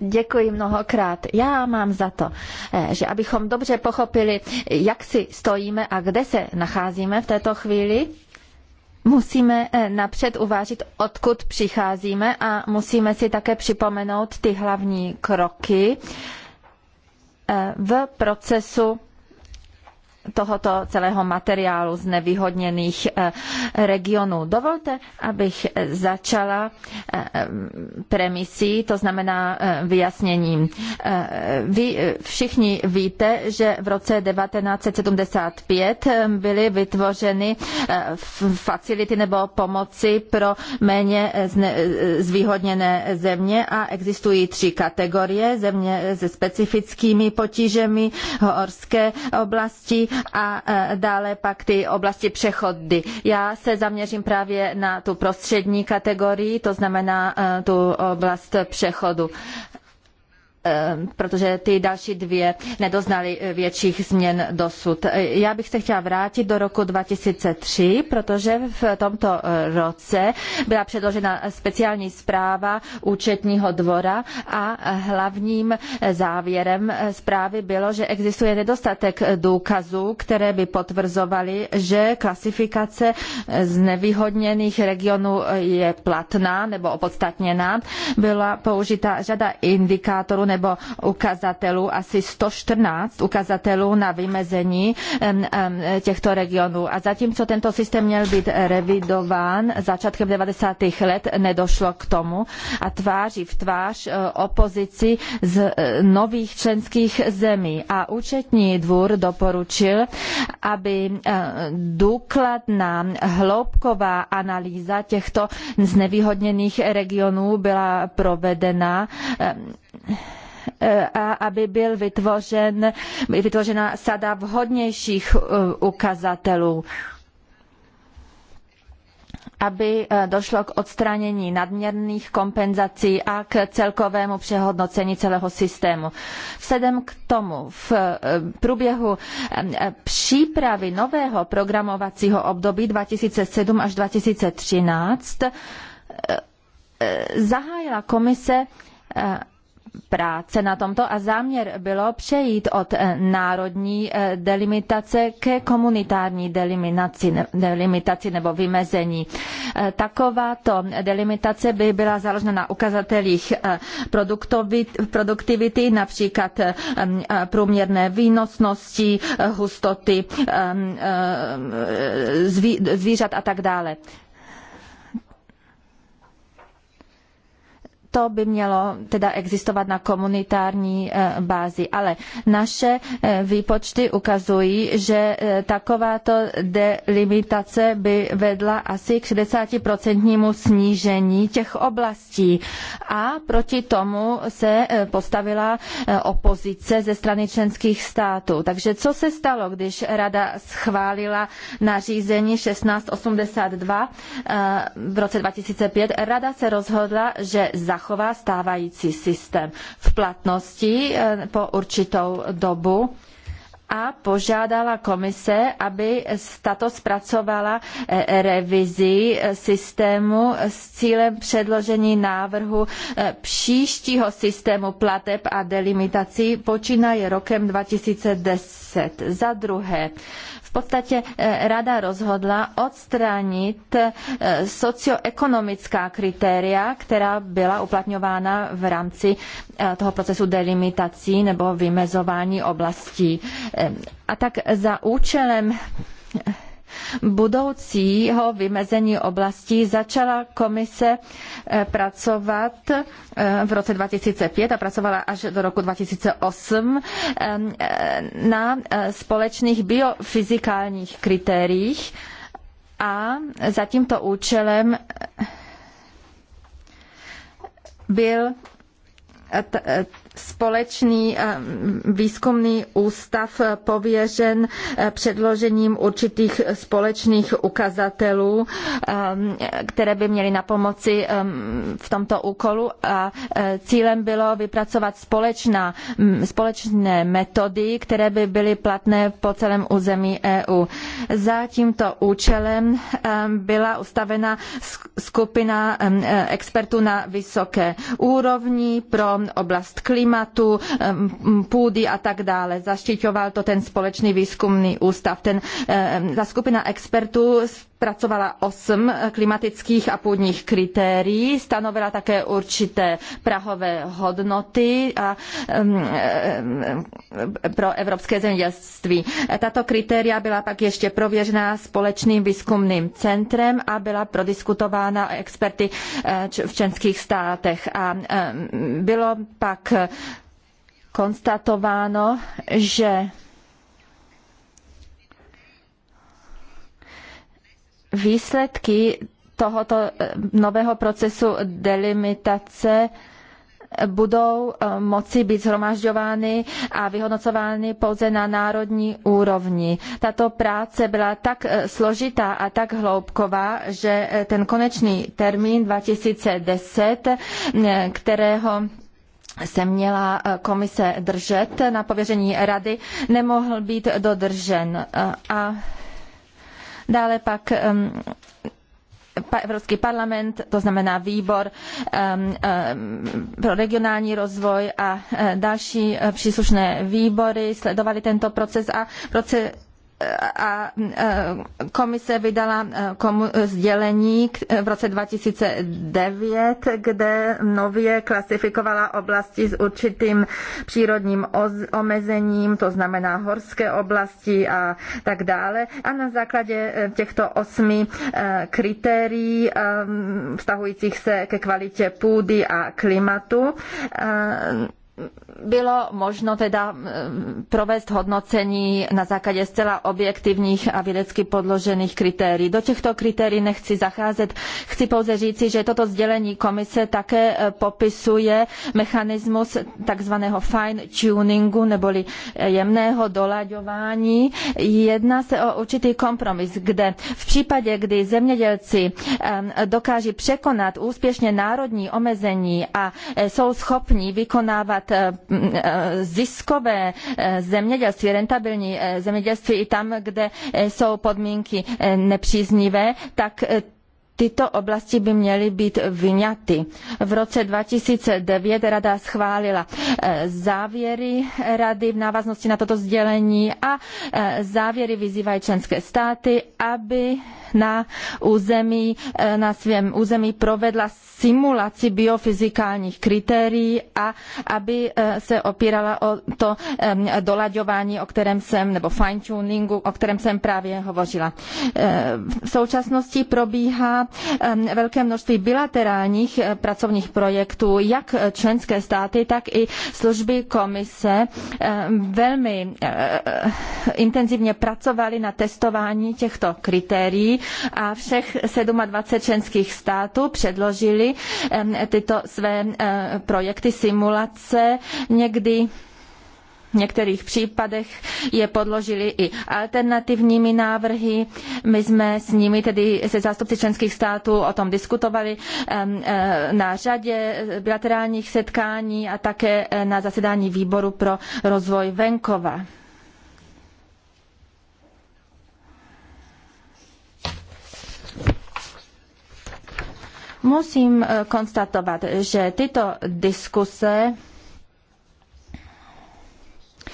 Děkuji mnohokrát. Já mám za to, eh, že abychom dobře pochopili, jak si stojíme a kde se nacházíme v této chvíli, Musíme eh, napřed uvážit, odkud přicházíme a musíme si také připomenout ty hlavní kroky eh, v procesu tohoto celého materiálu z nevýhodněných eh, regionů. Dovolte, abych začala eh, premisí, to znamená eh, vyjasněním. Vy všichni víte, že v roce 1975 byly vytvořeny facility nebo pomoci pro méně zvýhodněné země a existují tři kategorie. Země se specifickými potížemi, horské oblasti, a e, dále pak ty oblasti přechody. Já se zaměřím právě na tu prostřední kategorii, to znamená e, tu oblast přechodu. Ehm, protože ty další dvě nedoznaly eh, větších změn dosud. Eh, já bych se chtěla vrátit do roku 2003, protože v tomto eh, roce byla předložena speciální zpráva účetního dvora a hlavním závěrem zprávy bylo, že existuje nedostatek důkazů, které by potvrzovaly, že klasifikace znevýhodněných regionů je platná nebo opodstatněná. Byla použita řada indikátorů nebo ukazatelů, asi 114 ukazatelů na vymezení těchto regionů. A zatímco tento systém měl být revidován začátkem 90. let, nedošlo k tomu a tváří v tvář e, opozici z e, nových členských zemí. A účetní dvůr doporučil, aby e, důkladná hloubková analýza těchto znevýhodněných regionů byla provedena Eh, a aby byl vytvořen, vytvořena sada vhodnějších eh, ukazatelů aby eh, došlo k odstranění nadměrných kompenzací a k celkovému přehodnocení celého systému. Vzhledem k tomu v průběhu přípravy nového programovacího období 2007 až 2013 zahájila komise práce na tomto a záměr bylo přejít od eh, národní eh, delimitace ke komunitární delimitaci, nebo vymezení. Eh, takováto delimitace by byla založena na ukazatelích produktivity, například mm, průměrné výnosnosti, hustoty mm, zvířat a tak dále. to by mělo teda existovat na komunitární eh, bázi. Ale naše eh, výpočty ukazují, že eh, takováto delimitace by vedla asi k 60% snížení těch oblastí. A proti tomu se postavila opozice ze strany členských států. Takže co se stalo, když Rada schválila nařízení 1682 v roce 2005? Rada se rozhodla, že za zachová stávající systém v platnosti eh, po určitou dobu a požádala komise, aby tato zpracovala eh, revizi eh, systému s cílem předložení návrhu eh, příštího systému plateb a delimitací počínaje rokem 2010. Za druhé, v podstatě rada rozhodla odstranit socioekonomická kritéria, která byla uplatňována v rámci Eh, toho procesu delimitací nebo vymezování oblastí. Eh, a tak za účelem budoucího vymezení oblastí začala komise eh, pracovat v roce 2005 a pracovala až do roku 2008 na společných biofyzikálních kritériích a za tímto účelem byl t, společný eh, výzkumný ústav pověřen eh, předložením určitých společných ukazatelů, eh, které by měly na pomoci v tomto úkolu a cílem bylo vypracovat společná, společné metody, které by byly platné po celém území EU. Za tímto účelem byla ustavena skupina expertů na vysoké úrovni pro oblast klima, klimatu, půdy a tak dále. Zaštiťoval to ten společný výzkumný ústav. Ten, ta skupina expertů zpracovala osm klimatických a půdních kritérií, stanovila také určité prahové hodnoty a, pro evropské zemědělství. Tato kritéria byla pak ještě prověřena společným výzkumným centrem a byla prodiskutována experty eh, v členských státech. A bylo pak konstatováno, že výsledky tohoto eh, nového procesu delimitace budou eh, moci být zhromažďovány a vyhodnocovány pouze na národní úrovni. Tato práce byla tak eh, složitá a tak hloubková, že ten konečný termín 2010, kterého se měla komise držet na pověření rady, nemohl být dodržen. A Dále pak um, Evropský parlament, to znamená výbor um, um, pro regionální rozvoj a eh, další eh, příslušné výbory sledovali tento proces a proces a komise vydala e, komu, sdělení e, v roce 2009, kde nově klasifikovala oblasti s určitým přírodním omezením, to znamená horské oblasti a tak dále. A na základě e, těchto osmi kritérií vztahujících se ke kvalitě půdy a klimatu bylo možno teda provést hodnocení na základě zcela objektivních a vědecky podložených kritérií. Do těchto kritérií nechci zacházet. Chci pouze říci, že toto sdělení komise také e, popisuje mechanismus takzvaného fine tuningu neboli e, jemného dolaďování. Jedná se o určitý kompromis, kde v případě, kdy zemědělci dokáží překonat úspěšně národní omezení a e, jsou schopni vykonávat Eh, eh, ziskové eh, zemědělství, rentabilní zemědělství i tam, kde jsou podmínky nepříznivé, tak tyto oblasti by měly být vyňaty. V roce 2009 rada schválila eh, závěry rady v návaznosti na toto sdělení a eh, závěry vyzývají členské státy, aby na území, eh, na svém území provedla simulaci biofyzikálních kritérií a aby se opírala o to dolaďování, o kterém jsem, nebo fine-tuningu, o kterém jsem právě hovořila. V současnosti probíhá Ehm, velké množství bilaterálních eh, pracovních projektů, jak členské státy, tak i služby komise ehm, velmi eh, eh, intenzivně pracovali na testování těchto kritérií a všech 27 členských států předložili ehm, tyto své projekty, simulace, někdy v některých případech je podložili i alternativními návrhy. My jsme s nimi, tedy se zástupci členských států, o tom diskutovali e, na řadě bilaterálních setkání a také na zasedání výboru pro rozvoj venkova. Musím e, konstatovat, že tyto diskuse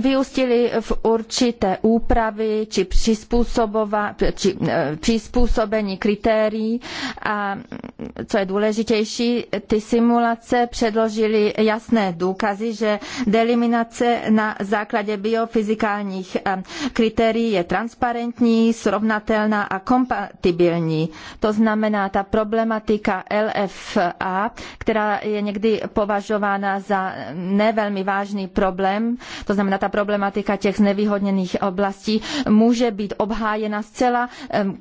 vyústily v určité úpravy či, či e, přizpůsobení kritérií a co je důležitější, ty simulace předložily jasné důkazy, že deliminace na základě biofyzikálních e, kritérií je transparentní, srovnatelná a kompatibilní. To znamená, ta problematika LFA, která je někdy považována za nevelmi vážný problém, to znamená ta ta problematika těch znevýhodněných oblastí může být obhájena zcela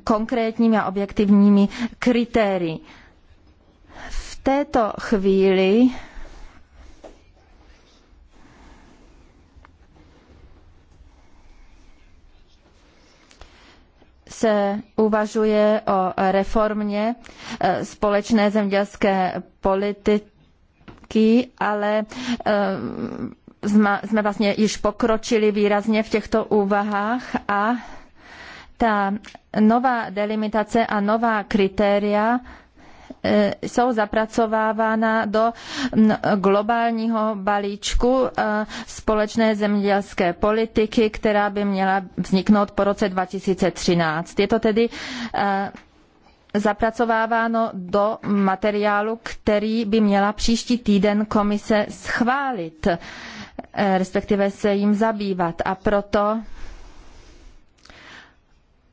konkrétními a objektivními kritérii. V této chvíli se uvažuje o reformě eh, společné zemědělské politiky, ale jsme vlastně již pokročili výrazně v těchto úvahách a ta nová delimitace a nová kritéria eh, jsou zapracovávána do mm, globálního balíčku eh, společné zemědělské politiky, která by měla vzniknout po roce 2013. Je to tedy eh, zapracováváno do materiálu, který by měla příští týden komise schválit. Eh, respektive se jim zabývat. A proto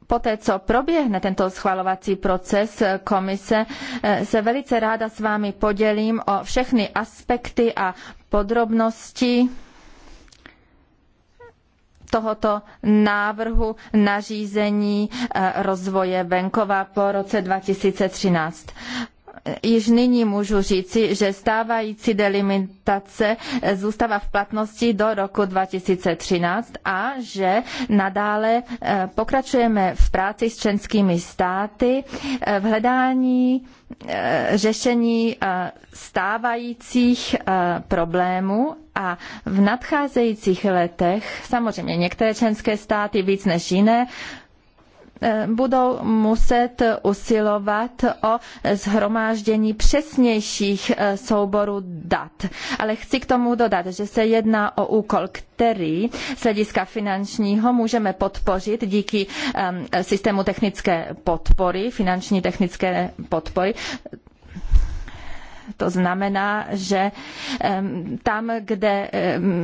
poté, co proběhne tento schvalovací proces eh, komise, eh, se velice ráda s vámi podělím o všechny aspekty a podrobnosti tohoto návrhu nařízení rozvoje venkova po roce 2013 již nyní můžu říci, že stávající delimitace eh, zůstává v platnosti do roku 2013 a že nadále eh, pokračujeme v práci s členskými státy eh, v hledání řešení stávajících problémů a v nadcházejících letech samozřejmě některé členské státy víc než jiné E, budou muset usilovat o zhromáždění přesnějších e, souborů dat. Ale chci k tomu dodat, že se jedná o úkol, který z hlediska finančního můžeme podpořit díky systému technické podpory, finanční technické podpory to znamená, že tam, kde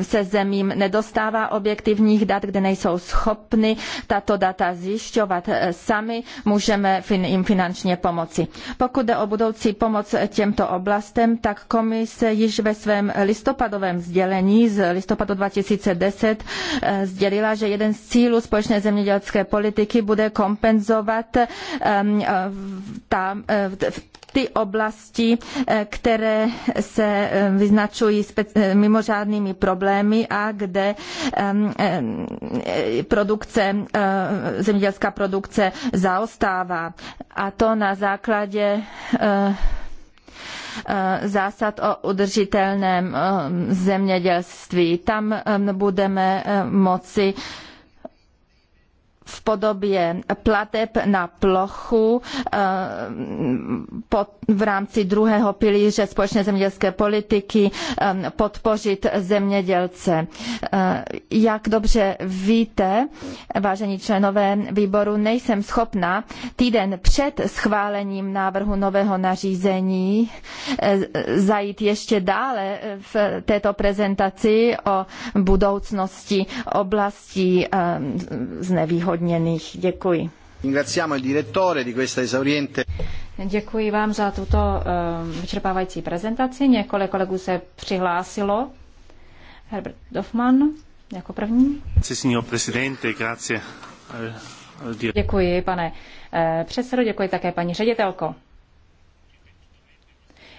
se zemím nedostává objektivních dat, kde nejsou schopny tato data zjišťovat e, sami, můžeme jim finančně pomoci. Pokud jde o budoucí pomoc těmto oblastem, tak komise již ve svém listopadovém sdělení z listopadu 2010 e, sdělila, že jeden z cílů společné zemědělské politiky bude kompenzovat e, ta, ty oblasti, které se eh, vyznačují eh, mimořádnými problémy a kde eh, produkce, zemědělská produkce zaostává. A to na základě zásad o udržitelném zemědělství. Tam budeme moci v podobě plateb na plochu eh, v rámci druhého pilíře společné zemědělské politiky eh, podpořit zemědělce. Eh, jak dobře víte, vážení členové výboru, nejsem schopna týden před schválením návrhu nového nařízení zajít ještě dále v této prezentaci o budoucnosti oblastí znevýhodněných odůvodněných. Děkuji. Děkuji vám za tuto eh, vyčerpávající prezentaci. Několik kolegů se přihlásilo. Herbert Dofman jako první. Děkuji, pane eh, předsedo, děkuji také paní ředitelko.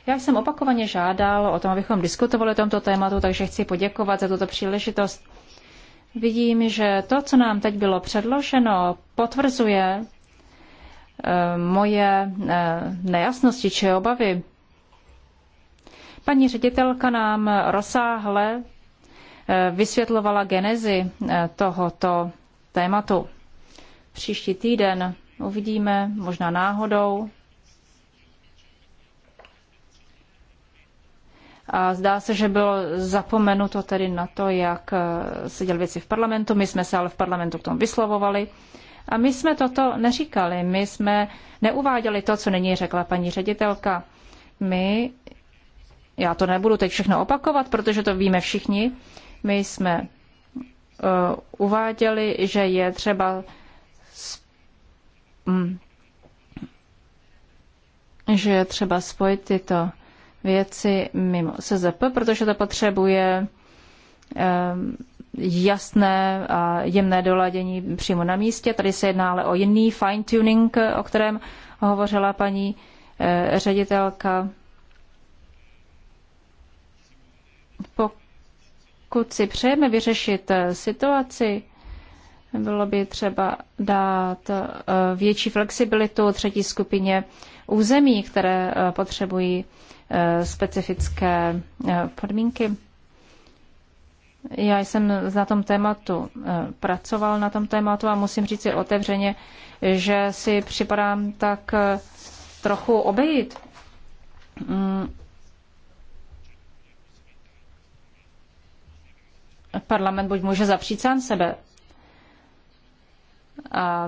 Já jsem opakovaně žádal o tom, abychom diskutovali o tomto tématu, takže chci poděkovat za tuto příležitost vidím, že to, co nám teď bylo předloženo, potvrzuje eh, moje eh, nejasnosti či obavy. Paní ředitelka nám rozsáhle eh, vysvětlovala genezi tohoto tématu. Příští týden uvidíme, možná náhodou, A zdá se, že bylo zapomenuto tedy na to, jak eh, se děly věci v parlamentu. My jsme se ale v parlamentu k tomu vyslovovali. A my jsme toto neříkali, my jsme neuváděli to, co není řekla paní ředitelka. My, já to nebudu teď všechno opakovat, protože to víme všichni, my jsme uh, uváděli, že je třeba mm, že je třeba spojit tyto věci mimo SZP, protože to potřebuje ehm, jasné a jemné doladění přímo na místě. Tady se jedná ale o jiný fine-tuning, o kterém hovořila paní eh, ředitelka. Pokud si přejeme vyřešit eh, situaci, bylo by třeba dát eh, větší flexibilitu třetí skupině území, které eh, potřebují eh, specifické eh, podmínky. Já jsem na tom tématu pracoval na tom tématu a musím říct si otevřeně, že si připadám tak trochu obejít. Mm. Parlament buď může zapřít sám sebe,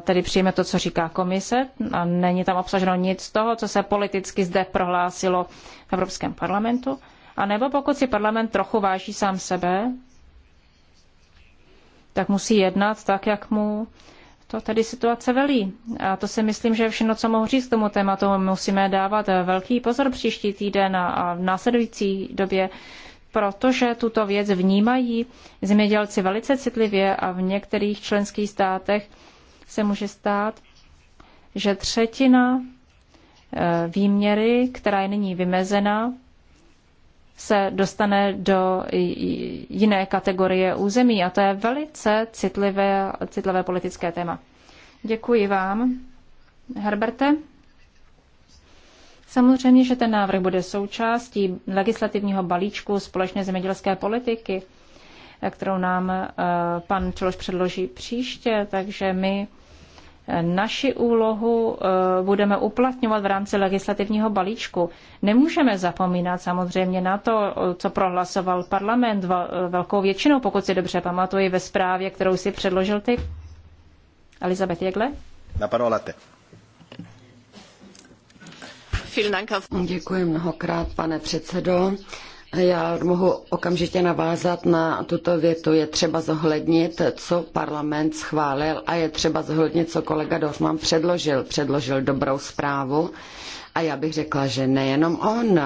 tedy přijme to, co říká komise a není tam obsaženo nic z toho, co se politicky zde prohlásilo v Evropském parlamentu. A nebo pokud si parlament trochu váží sám sebe, tak musí jednat tak, jak mu to tedy situace velí. A to si myslím, že všechno, co mohu říct k tomu tématu, musíme dávat velký pozor příští týden a v následující době, protože tuto věc vnímají zemědělci velice citlivě a v některých členských státech se může stát, že třetina eh, výměry, která je nyní vymezena, se dostane do jiné kategorie území. A to je velice citlivé, citlivé politické téma. Děkuji vám, Herberte. Samozřejmě, že ten návrh bude součástí legislativního balíčku společné zemědělské politiky, kterou nám eh, pan Čeloš předloží příště, takže my Naši úlohu eh, budeme uplatňovat v rámci legislativního balíčku. Nemůžeme zapomínat samozřejmě na to, co prohlasoval parlament eh, velkou většinou, pokud si dobře pamatuji, ve zprávě, kterou si předložil ty. Elizabeth Jegle? Na parola te. Děkuji mnohokrát, pane předsedo. Já mohu okamžitě navázat na tuto větu. Je třeba zohlednit, co parlament schválil a je třeba zohlednit, co kolega Dorfman předložil. Předložil dobrou zprávu a já bych řekla, že nejenom on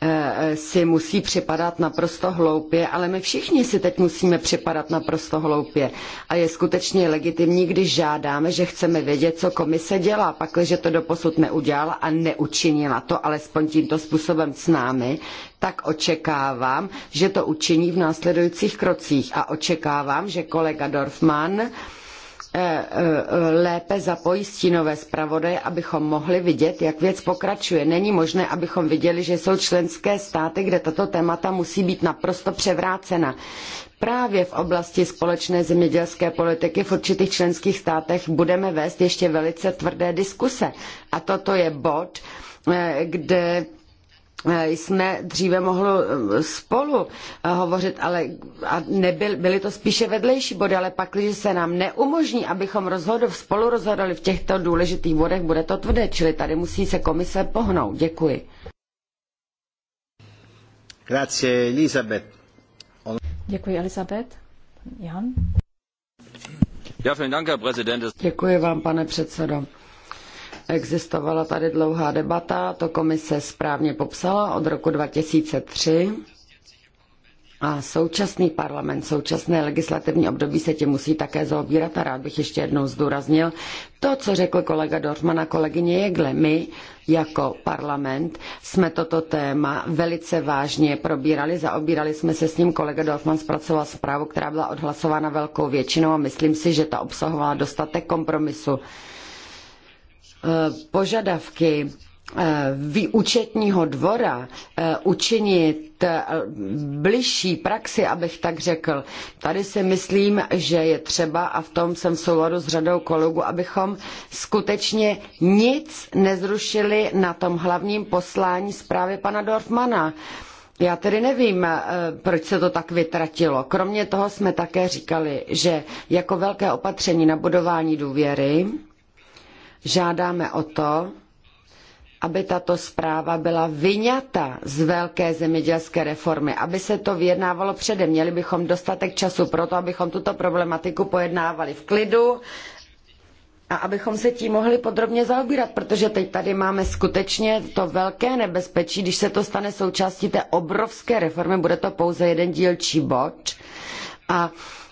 Eh, si musí připadat naprosto hloupě, ale my všichni si teď musíme připadat naprosto hloupě. A je skutečně legitimní, když žádáme, že chceme vědět, co komise dělá, pakliže to doposud neudělala a neučinila to alespoň tímto způsobem s námi, tak očekávám, že to učiní v následujících krocích a očekávám, že kolega Dorfman Eh, eh, lépe zapojí stínové zpravodaje, abychom mohli vidět, jak věc pokračuje. Není možné, abychom viděli, že jsou členské státy, kde tato témata musí být naprosto převrácena. Právě v oblasti společné zemědělské politiky v určitých členských státech budeme vést ještě velice tvrdé diskuse. A toto je bod, eh, kde Eh, jsme dříve mohli eh, spolu eh, hovořit, ale a nebyl, byly to spíše vedlejší body, ale pak, když se nám neumožní, abychom rozhodov, spolu rozhodli v těchto důležitých bodech, bude to tvrdé, čili tady musí se komise pohnout. Děkuji. Grazie, Elizabeth. On... Děkuji, Elizabeth. Jan? Ja, Dank, Herr Děkuji vám, pane předsedo. Existovala tady dlouhá debata, to komise správně popsala od roku 2003. A současný parlament, současné legislativní období se tím musí také zaobírat a rád bych ještě jednou zdůraznil to, co řekl kolega Dorfman a kolegyně Jegle. My jako parlament jsme toto téma velice vážně probírali, zaobírali jsme se s ním. Kolega Dorfman zpracoval zprávu, která byla odhlasována velkou většinou a myslím si, že ta obsahovala dostatek kompromisu Eh, požadavky eh, výučetního dvora eh, učinit bližší praxi, abych tak řekl. Tady si myslím, že je třeba, a v tom jsem v souladu s řadou kolegů, abychom skutečně nic nezrušili na tom hlavním poslání zprávy pana Dorfmana. Já tedy nevím, proč se to tak vytratilo. Kromě toho jsme také říkali, že jako velké opatření na budování důvěry, žádáme o to, aby tato zpráva byla vyňata z velké zemědělské reformy, aby se to vyjednávalo předem. Měli bychom dostatek času pro to, abychom tuto problematiku pojednávali v klidu a abychom se tím mohli podrobně zaobírat, protože teď tady máme skutečně to velké nebezpečí, když se to stane součástí té obrovské reformy, bude to pouze jeden dílčí bod a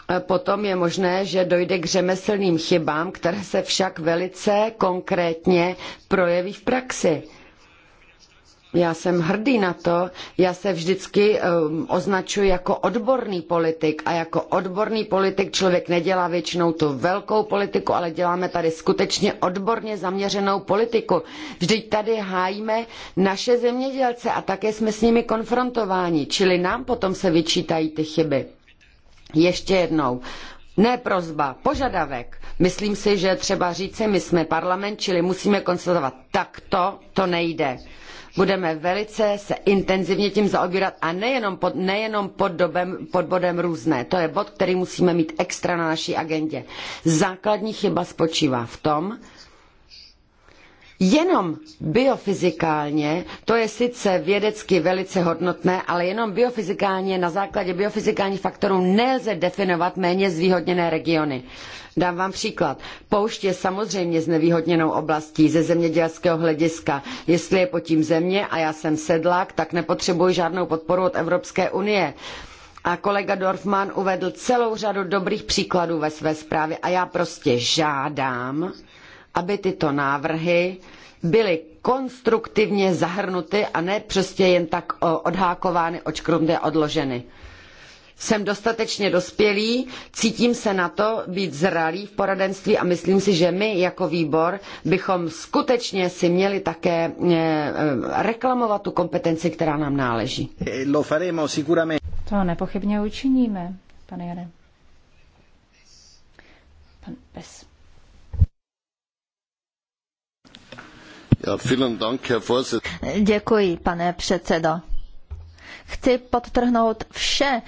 E, potom je možné, že dojde k řemeslným chybám, které se však velice konkrétně projeví v praxi. Já jsem hrdý na to, já se vždycky um, označuji jako odborný politik a jako odborný politik člověk nedělá většinou tu velkou politiku, ale děláme tady skutečně odborně zaměřenou politiku. Vždyť tady hájíme naše zemědělce a také jsme s nimi konfrontováni, čili nám potom se vyčítají ty chyby. Ještě jednou. Ne prozba, požadavek. Myslím si, že třeba říci, my jsme parlament, čili musíme konstatovat, takto to nejde budeme velice se intenzivně tím zaobírat a nejenom pod, nejenom pod, dobem, pod bodem různé. To je bod, který musíme mít extra na naší agendě. Základní chyba spočívá v tom, Jenom biofyzikálně, to je sice vědecky velice hodnotné, ale jenom biofyzikálně na základě biofyzikálních faktorů nelze definovat méně zvýhodněné regiony. Dám vám příklad. Poušť je samozřejmě znevýhodněnou oblastí ze zemědělského hlediska. Jestli je tím země a já jsem sedlák, tak nepotřebuji žádnou podporu od Evropské unie a kolega Dorfman uvedl celou řadu dobrých příkladů ve své zprávě a já prostě žádám, aby tyto návrhy byly konstruktivně zahrnuty a ne prostě jen tak odhákovány, očkrumdy a odloženy. Jsem dostatečně dospělý, cítím se na to být zralý v poradenství a myslím si, že my jako výbor bychom skutečně si měli také e, e, reklamovat tu kompetenci, která nám náleží. E, to nepochybně učiníme, pane Jare. Pan Pes. Děkuji, pane předsedo. Chci podtrhnout vše,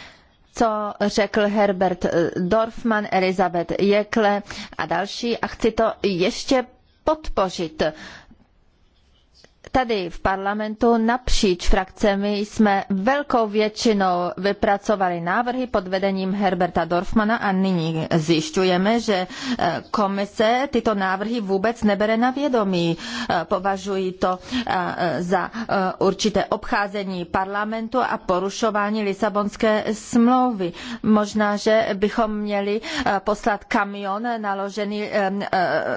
co řekl Herbert Dorfman, Elizabeth Jekle a další a chci to ještě podpořit tady v parlamentu napříč frakcemi jsme velkou většinou vypracovali návrhy pod vedením Herberta Dorfmana a nyní zjišťujeme, že e, komise tyto návrhy vůbec nebere na vědomí. E, považují to e, za určité obcházení parlamentu a porušování Lisabonské smlouvy. Možná, že bychom měli poslat kamion naložený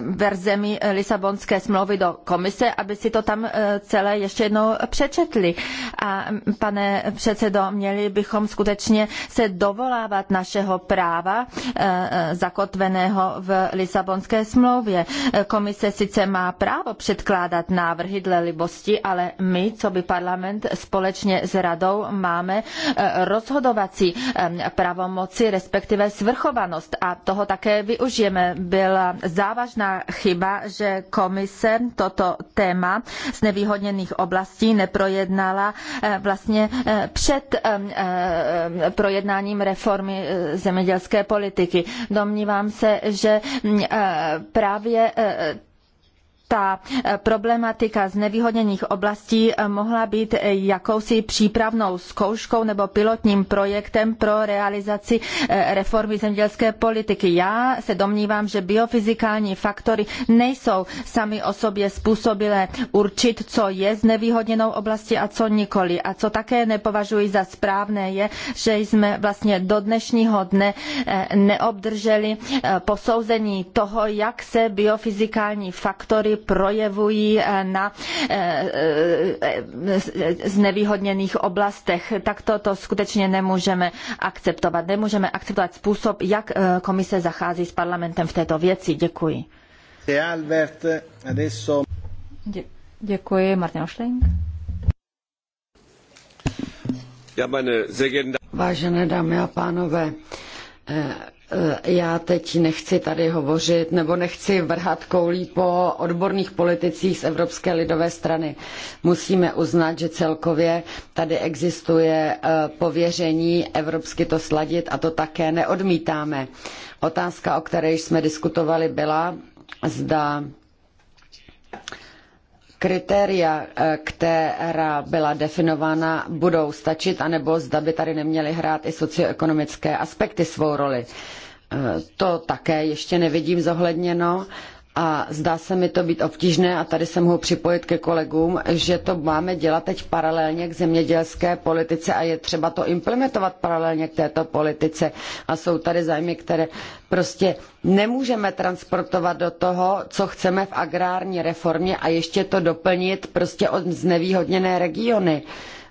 verzemi Lisabonské smlouvy do komise, aby si to tam celé ještě jednou přečetli. A pane předsedo, měli bychom skutečně se dovolávat našeho práva e, e, zakotveného v Lisabonské smlouvě. Komise sice má právo předkládat návrhy dle libosti, ale my, co by parlament společně s radou, máme e, rozhodovací pravomoci, respektive svrchovanost a toho také využijeme. Byla závažná chyba, že komise toto téma znevýhodněných oblastí neprojednala eh, vlastně eh, před eh, projednáním reformy zemědělské politiky. Domnívám se, že mm, právě ta eh, problematika znevýhodněných oblastí eh, mohla být eh, jakousi přípravnou zkouškou nebo pilotním projektem pro realizaci reformy zemědělské politiky. Já se domnívám, že biofyzikální faktory nejsou sami o sobě způsobilé určit, co je znevýhodněnou oblastí a co nikoli. A co také nepovažuji za správné je, že jsme vlastně do dnešního dne neobdrželi posouzení toho, jak se biofyzikální faktory projevují eh, na eh, eh, znevýhodněných oblastech. Takto to skutečně nemůžeme akceptovat. Nemůžeme akceptovat způsob, jak komise zachází s parlamentem v této věci. Děkuji. Albert, adesso... děkuji, Martin Ošling. Vážené dámy a pánové, Eh, já teď nechci tady hovořit, nebo nechci vrhat koulí po odborných politicích z Evropské lidové strany. Musíme uznat, že celkově tady existuje eh, pověření evropsky to sladit a to také neodmítáme. Otázka, o které jsme diskutovali, byla, zda kritéria, eh, která byla definována, budou stačit, anebo zda by tady neměly hrát i socioekonomické aspekty svou roli to také ještě nevidím zohledněno a zdá se mi to být obtížné a tady se mohu připojit ke kolegům, že to máme dělat teď paralelně k zemědělské politice a je třeba to implementovat paralelně k této politice a jsou tady zájmy, které prostě nemůžeme transportovat do toho, co chceme v agrární reformě a ještě to doplnit prostě od znevýhodněné regiony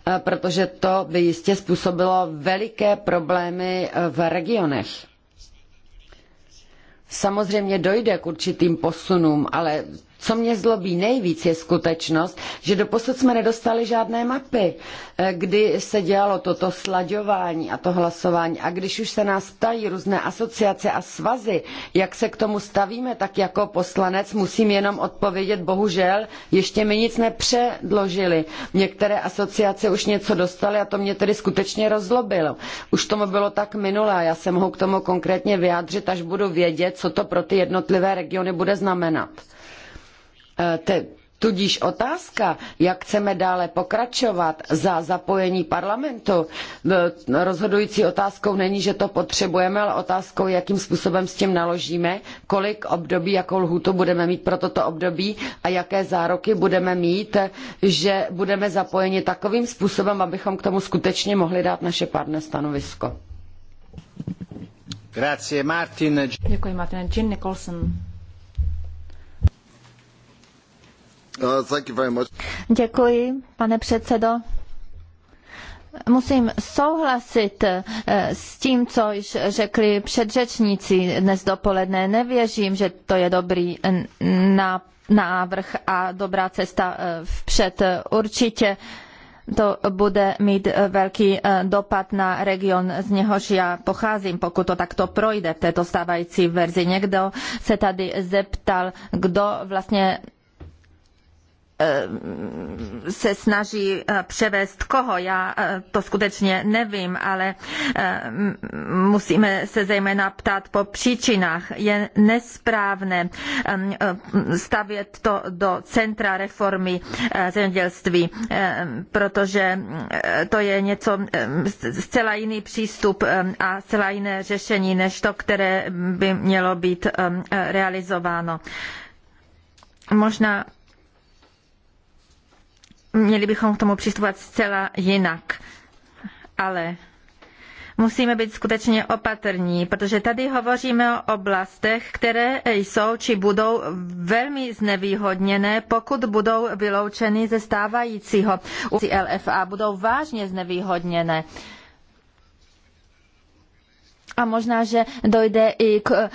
eh, protože to by jistě způsobilo veliké problémy eh, v regionech. Samozřejmě dojde k určitým posunům, ale co mě zlobí nejvíc je skutečnost, že doposud jsme nedostali žádné mapy, eh, kdy se dělalo toto slaďování a to hlasování. A když už se nás ptají různé asociace a svazy, jak se k tomu stavíme, tak jako poslanec musím jenom odpovědět, bohužel ještě mi nic nepředložili. Některé asociace už něco dostaly a to mě tedy skutečně rozlobilo. Už tomu bylo tak minulé, já se mohu k tomu konkrétně vyjádřit, až budu vědět, co to pro ty jednotlivé regiony bude znamenat. Eh, te, Tudíž otázka, jak chceme dále pokračovat za zapojení parlamentu, eh, rozhodující otázkou není, že to potřebujeme, ale otázkou, jakým způsobem s tím naložíme, kolik období, jakou lhůtu budeme mít pro toto období a jaké zároky budeme mít, že budeme zapojeni takovým způsobem, abychom k tomu skutečně mohli dát naše pádné stanovisko. Grazie, Martin. Děkuji, Martin. Jim Nicholson. Uh, Děkuji, pane předsedo. Musím souhlasit eh, s tím, co již řekli předřečníci dnes dopoledne. Nevěřím, že to je dobrý eh, návrh a dobrá cesta eh, vpřed. Určitě to bude mít velký dopad na region, z něhož já pocházím, pokud to takto projde v této stávající verzi. Někdo se tady zeptal, kdo vlastně Eh, se snaží eh, převést koho, já eh, to skutečně nevím, ale musíme se zejména ptát po příčinách. Je nesprávné stavět to do centra reformy zemědělství, protože to je něco zcela jiný přístup a zcela jiné řešení, než to, které by mělo být realizováno. Možná měli bychom k tomu přistupovat zcela jinak. Ale musíme být skutečně opatrní, protože tady hovoříme o oblastech, které jsou či budou velmi znevýhodněné, pokud budou vyloučeny ze stávajícího LFA, budou vážně znevýhodněné a možná, že dojde i k eh,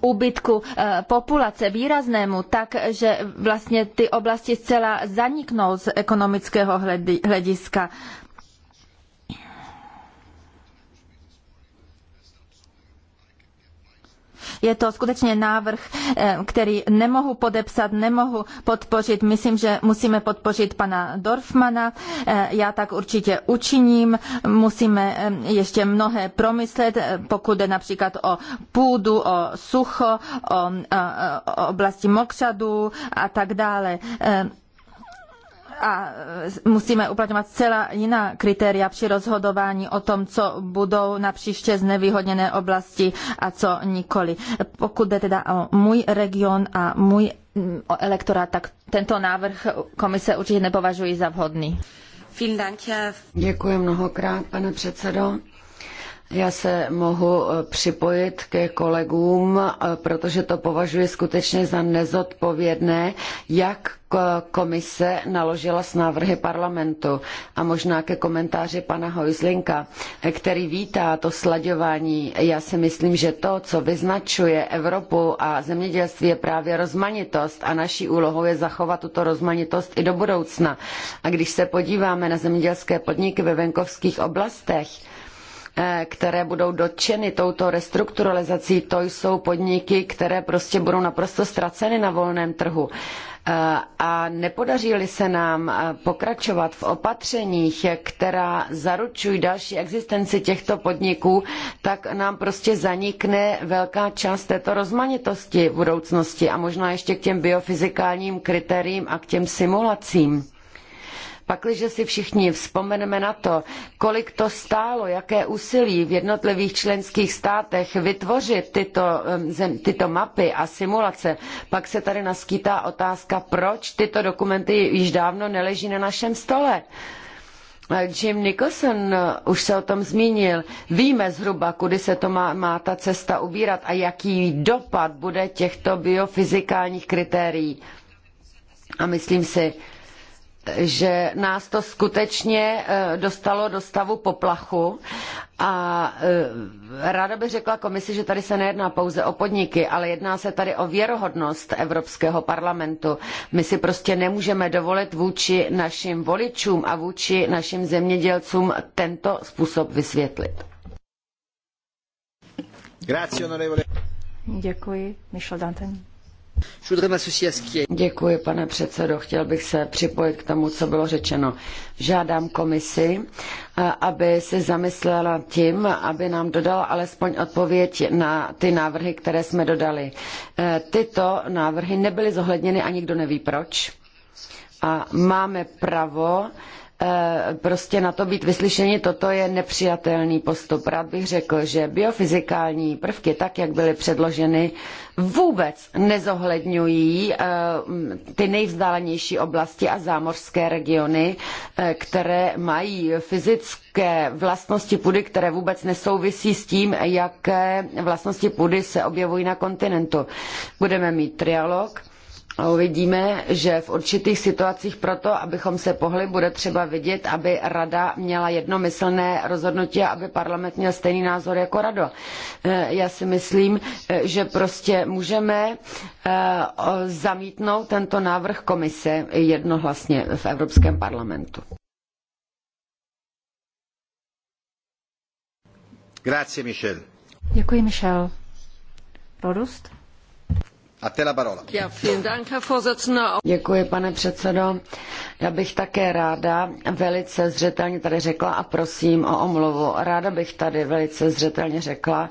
úbytku eh, populace výraznému, tak, že vlastně ty oblasti zcela zaniknou z ekonomického hlediska. Je to skutečně návrh, eh, který nemohu podepsat, nemohu podpořit. Myslím, že musíme podpořit pana Dorfmana. Eh, já tak určitě učiním. Musíme eh, ještě mnohé promyslet, pokud jde například o půdu, o sucho, o oblasti mokřadů a tak dále a e, musíme uplatňovat celá jiná kritéria při rozhodování o tom, co budou na příště znevýhodněné oblasti a co nikoli. Pokud jde teda o můj region a můj elektorát, tak tento návrh komise určitě nepovažuji za vhodný. Děkuji mnohokrát, pane předsedo. Já se mohu eh, připojit ke kolegům, eh, protože to považuji skutečně za nezodpovědné, jak komise naložila s návrhy parlamentu a možná ke komentáři pana Hojzlinka, eh, který vítá to slaďování. Já si myslím, že to, co vyznačuje Evropu a zemědělství je právě rozmanitost a naší úlohou je zachovat tuto rozmanitost i do budoucna. A když se podíváme na zemědělské podniky ve venkovských oblastech, Eh, které budou dotčeny touto restrukturalizací, to jsou podniky, které prostě budou naprosto ztraceny na volném trhu. Eh, a nepodaří-li se nám eh, pokračovat v opatřeních, která zaručují další existenci těchto podniků, tak nám prostě zanikne velká část této rozmanitosti v budoucnosti a možná ještě k těm biofyzikálním kritériím a k těm simulacím. Pakliže si všichni vzpomeneme na to, kolik to stálo, jaké úsilí v jednotlivých členských státech vytvořit tyto, tyto mapy a simulace, pak se tady naskýtá otázka, proč tyto dokumenty již dávno neleží na našem stole. Eh, Jim Nicholson eh, už se o tom zmínil. Víme zhruba, kudy se to má, má ta cesta ubírat a jaký dopad bude těchto biofyzikálních kritérií. A myslím si, že nás to skutečně e, dostalo do stavu poplachu a e, ráda bych řekla komisi, že tady se nejedná pouze o podniky, ale jedná se tady o věrohodnost Evropského parlamentu. My si prostě nemůžeme dovolit vůči našim voličům a vůči našim zemědělcům tento způsob vysvětlit. Děkuji, Michel Danten. Děkuji, pane předsedo. Chtěl bych se připojit k tomu, co bylo řečeno. Žádám komisi, eh, aby se zamyslela tím, aby nám dodala alespoň odpověď na ty návrhy, které jsme dodali. Eh, tyto návrhy nebyly zohledněny a nikdo neví proč. A máme právo Eh, prostě na to být vyslyšeni, toto je nepřijatelný postup. Rád bych řekl, že biofyzikální prvky, tak jak byly předloženy, vůbec nezohledňují eh, ty nejvzdálenější oblasti a zámořské regiony, eh, které mají fyzické vlastnosti půdy, které vůbec nesouvisí s tím, jaké vlastnosti půdy se objevují na kontinentu. Budeme mít trialog uvidíme, že v určitých situacích proto, abychom se pohli, bude třeba vidět, aby rada měla jednomyslné rozhodnutí a aby parlament měl stejný názor jako rado. E, já si myslím, e, že prostě můžeme e, zamítnout tento návrh komise jednohlasně v Evropském parlamentu. Grazie, Michel. Děkuji, Michel. Rodust? Děkuji, pane předsedající Já bych také ráda velice zřetelně tady řekla a prosím o omluvu. Ráda bych tady velice zřetelně řekla,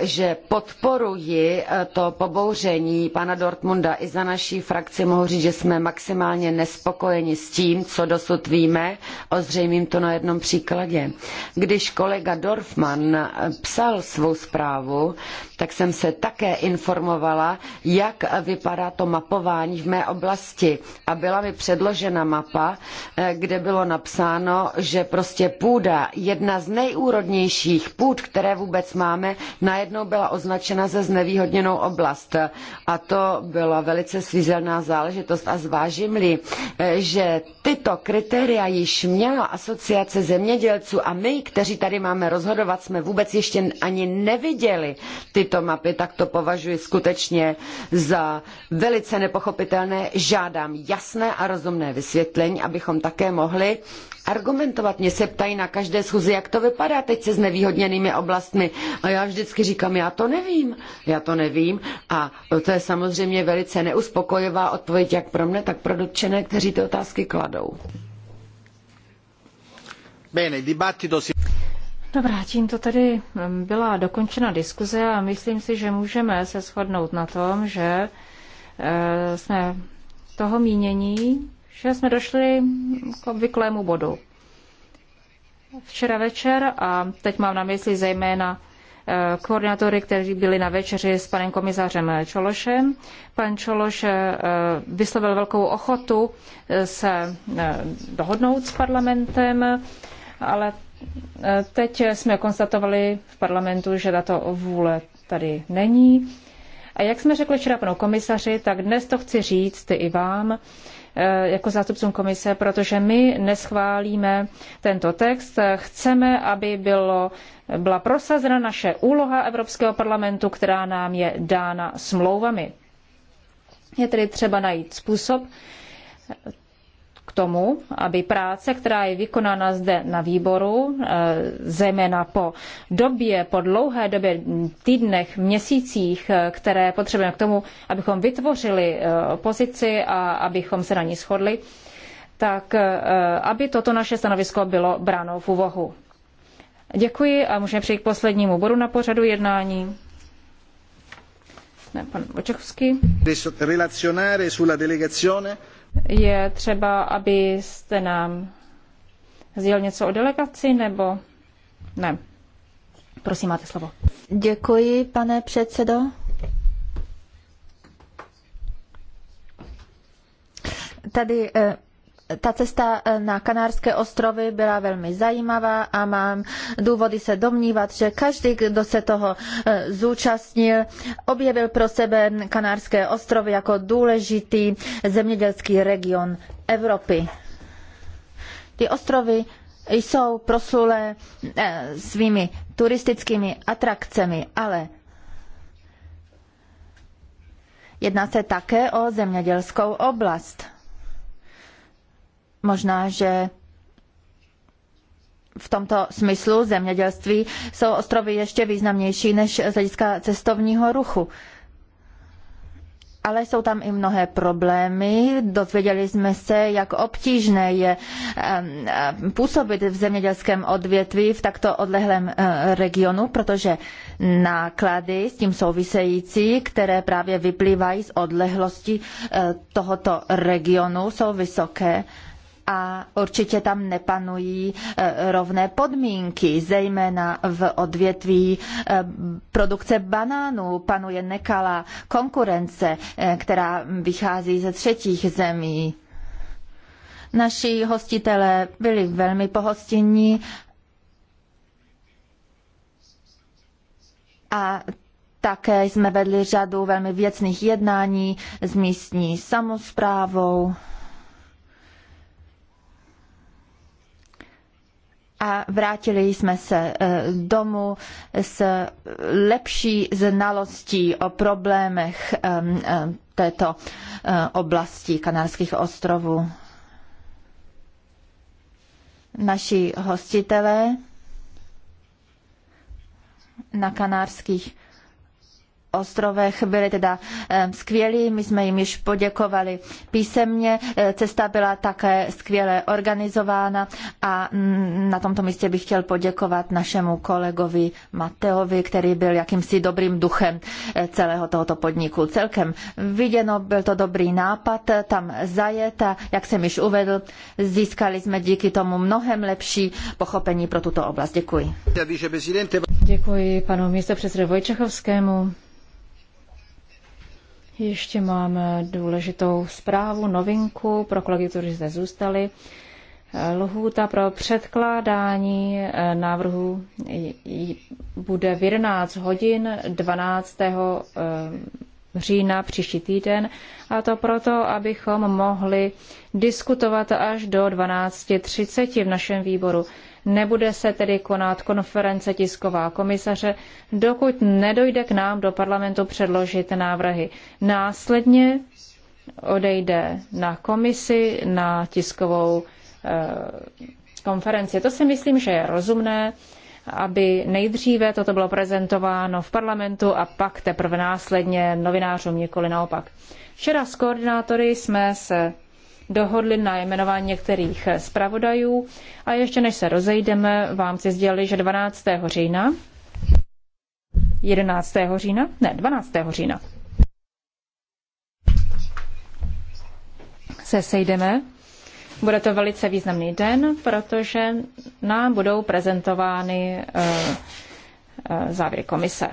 že podporuji eh, to pobouření pana Dortmunda i za naší frakci mohu říct, že jsme maximálně nespokojeni s tím, co dosud víme. Ozřejmím to na jednom příkladě. Když kolega Dorfman eh, psal svou zprávu, tak jsem se také informovala, jak vypadá to mapování v mé oblasti. A byla mi předložena mapa, eh, kde bylo napsáno, že prostě půda, jedna z nejúrodnějších půd, které vůbec máme, na najednou byla označena za znevýhodněnou oblast. A to byla velice svízelná záležitost. A zvážím-li, že tyto kritéria již měla asociace zemědělců a my, kteří tady máme rozhodovat, jsme vůbec ještě ani neviděli tyto mapy, tak to považuji skutečně za velice nepochopitelné. Žádám jasné a rozumné vysvětlení, abychom také mohli argumentovat. Mě se ptají na každé schůzi, jak to vypadá teď se znevýhodněnými oblastmi. A já vždycky říkám, já to nevím, já to nevím. A to je samozřejmě velice neuspokojivá odpověď jak pro mne, tak pro dotčené, kteří ty otázky kladou. Bene, dibattito si... Dobrá, tímto tedy mm, byla dokončena diskuze a myslím si, že můžeme se shodnout na tom, že eh, jsme toho mínění, že jsme došli k obvyklému bodu. Včera večer, a teď mám na mysli zejména eh, koordinátory, kteří byli na večeři s panem komisařem Čološem. Pan Čološ eh, vyslovil velkou ochotu eh, se dohodnout s parlamentem, ale teď jsme konstatovali v parlamentu, že tato vůle tady není. A jak jsme řekli včera panu komisaři, tak dnes to chci říct i vám, Eh, jako zástupcům komise, protože my neschválíme tento text. Chceme, aby bylo, byla prosazena naše úloha Evropského parlamentu, která nám je dána smlouvami. Je tedy třeba najít způsob tomu, aby práce, která je vykonána zde na výboru, eh, zejména po době, po dlouhé době, týdnech, měsících, eh, které potřebujeme k tomu, abychom vytvořili eh, pozici a abychom se na ní shodli, tak aby toto naše stanovisko bylo bráno v úvahu. Děkuji a můžeme přejít k poslednímu bodu na pořadu jednání. Ne, pan Očechovský. Relazionare sulla delegazione je třeba, abyste nám sdělil něco o delegaci, nebo ne? Prosím, máte slovo. Děkuji, pane předsedo. Tady eh, ta cesta eh, na Kanárské ostrovy byla velmi zajímavá a mám důvody se domnívat, že každý, kdo se toho eh, zúčastnil, objevil pro sebe Kanárské ostrovy jako důležitý zemědělský region Evropy. Ty ostrovy jsou proslulé eh, svými turistickými atrakcemi, ale jedná se také o zemědělskou oblast. Možná, že v tomto smyslu zemědělství jsou ostrovy ještě významnější než z hlediska cestovního ruchu. Ale jsou tam i mnohé problémy. Dozvěděli jsme se, jak obtížné je působit v zemědělském odvětví v takto odlehlém eh, regionu, protože náklady s tím související, které právě vyplývají z odlehlosti eh, tohoto regionu, jsou vysoké a určitě tam nepanují eh, rovné podmínky, zejména v odvětví eh, produkce banánů panuje nekalá konkurence, eh, která vychází ze třetích zemí. Naši hostitelé byli velmi pohostinní a také jsme vedli řadu velmi věcných jednání s místní samozprávou. a vrátili jsme se e, domů s lepší znalostí o problémech e, e, této oblasti Kanárských ostrovů. Naši hostitelé na Kanárských ostrovech byli teda skvělí, my jsme jim již poděkovali písemně, e, cesta byla také skvěle organizována a mm, na tomto místě bych chtěl poděkovat našemu kolegovi Mateovi, který byl jakýmsi dobrým duchem e, celého tohoto podniku. Celkem viděno, byl to dobrý nápad tam zajet a jak jsem již uvedl, získali jsme díky tomu mnohem lepší pochopení pro tuto oblast. Děkuji. Děkuji panu místopředsedovi Vojčechovskému. Ještě máme důležitou zprávu, novinku pro kolegy, kteří zde zůstali. Lhůta pro předkládání eh, návrhu bude v 11 hodin 12. Eh, října příští týden a to proto, abychom mohli diskutovat až do 12.30 v našem výboru. Nebude se tedy konat konference tisková komisaře, dokud nedojde k nám do parlamentu předložit návrhy. Následně odejde na komisi, na tiskovou eh, konferenci. To si myslím, že je rozumné, aby nejdříve toto bylo prezentováno v parlamentu a pak teprve následně novinářům, nikoli naopak. Včera s koordinátory jsme se dohodli na jmenování některých zpravodajů. A ještě než se rozejdeme, vám si sdělili, že 12. října, 11. října, ne, 12. října, se sejdeme. Bude to velice významný den, protože nám budou prezentovány eh, eh, závěry komise.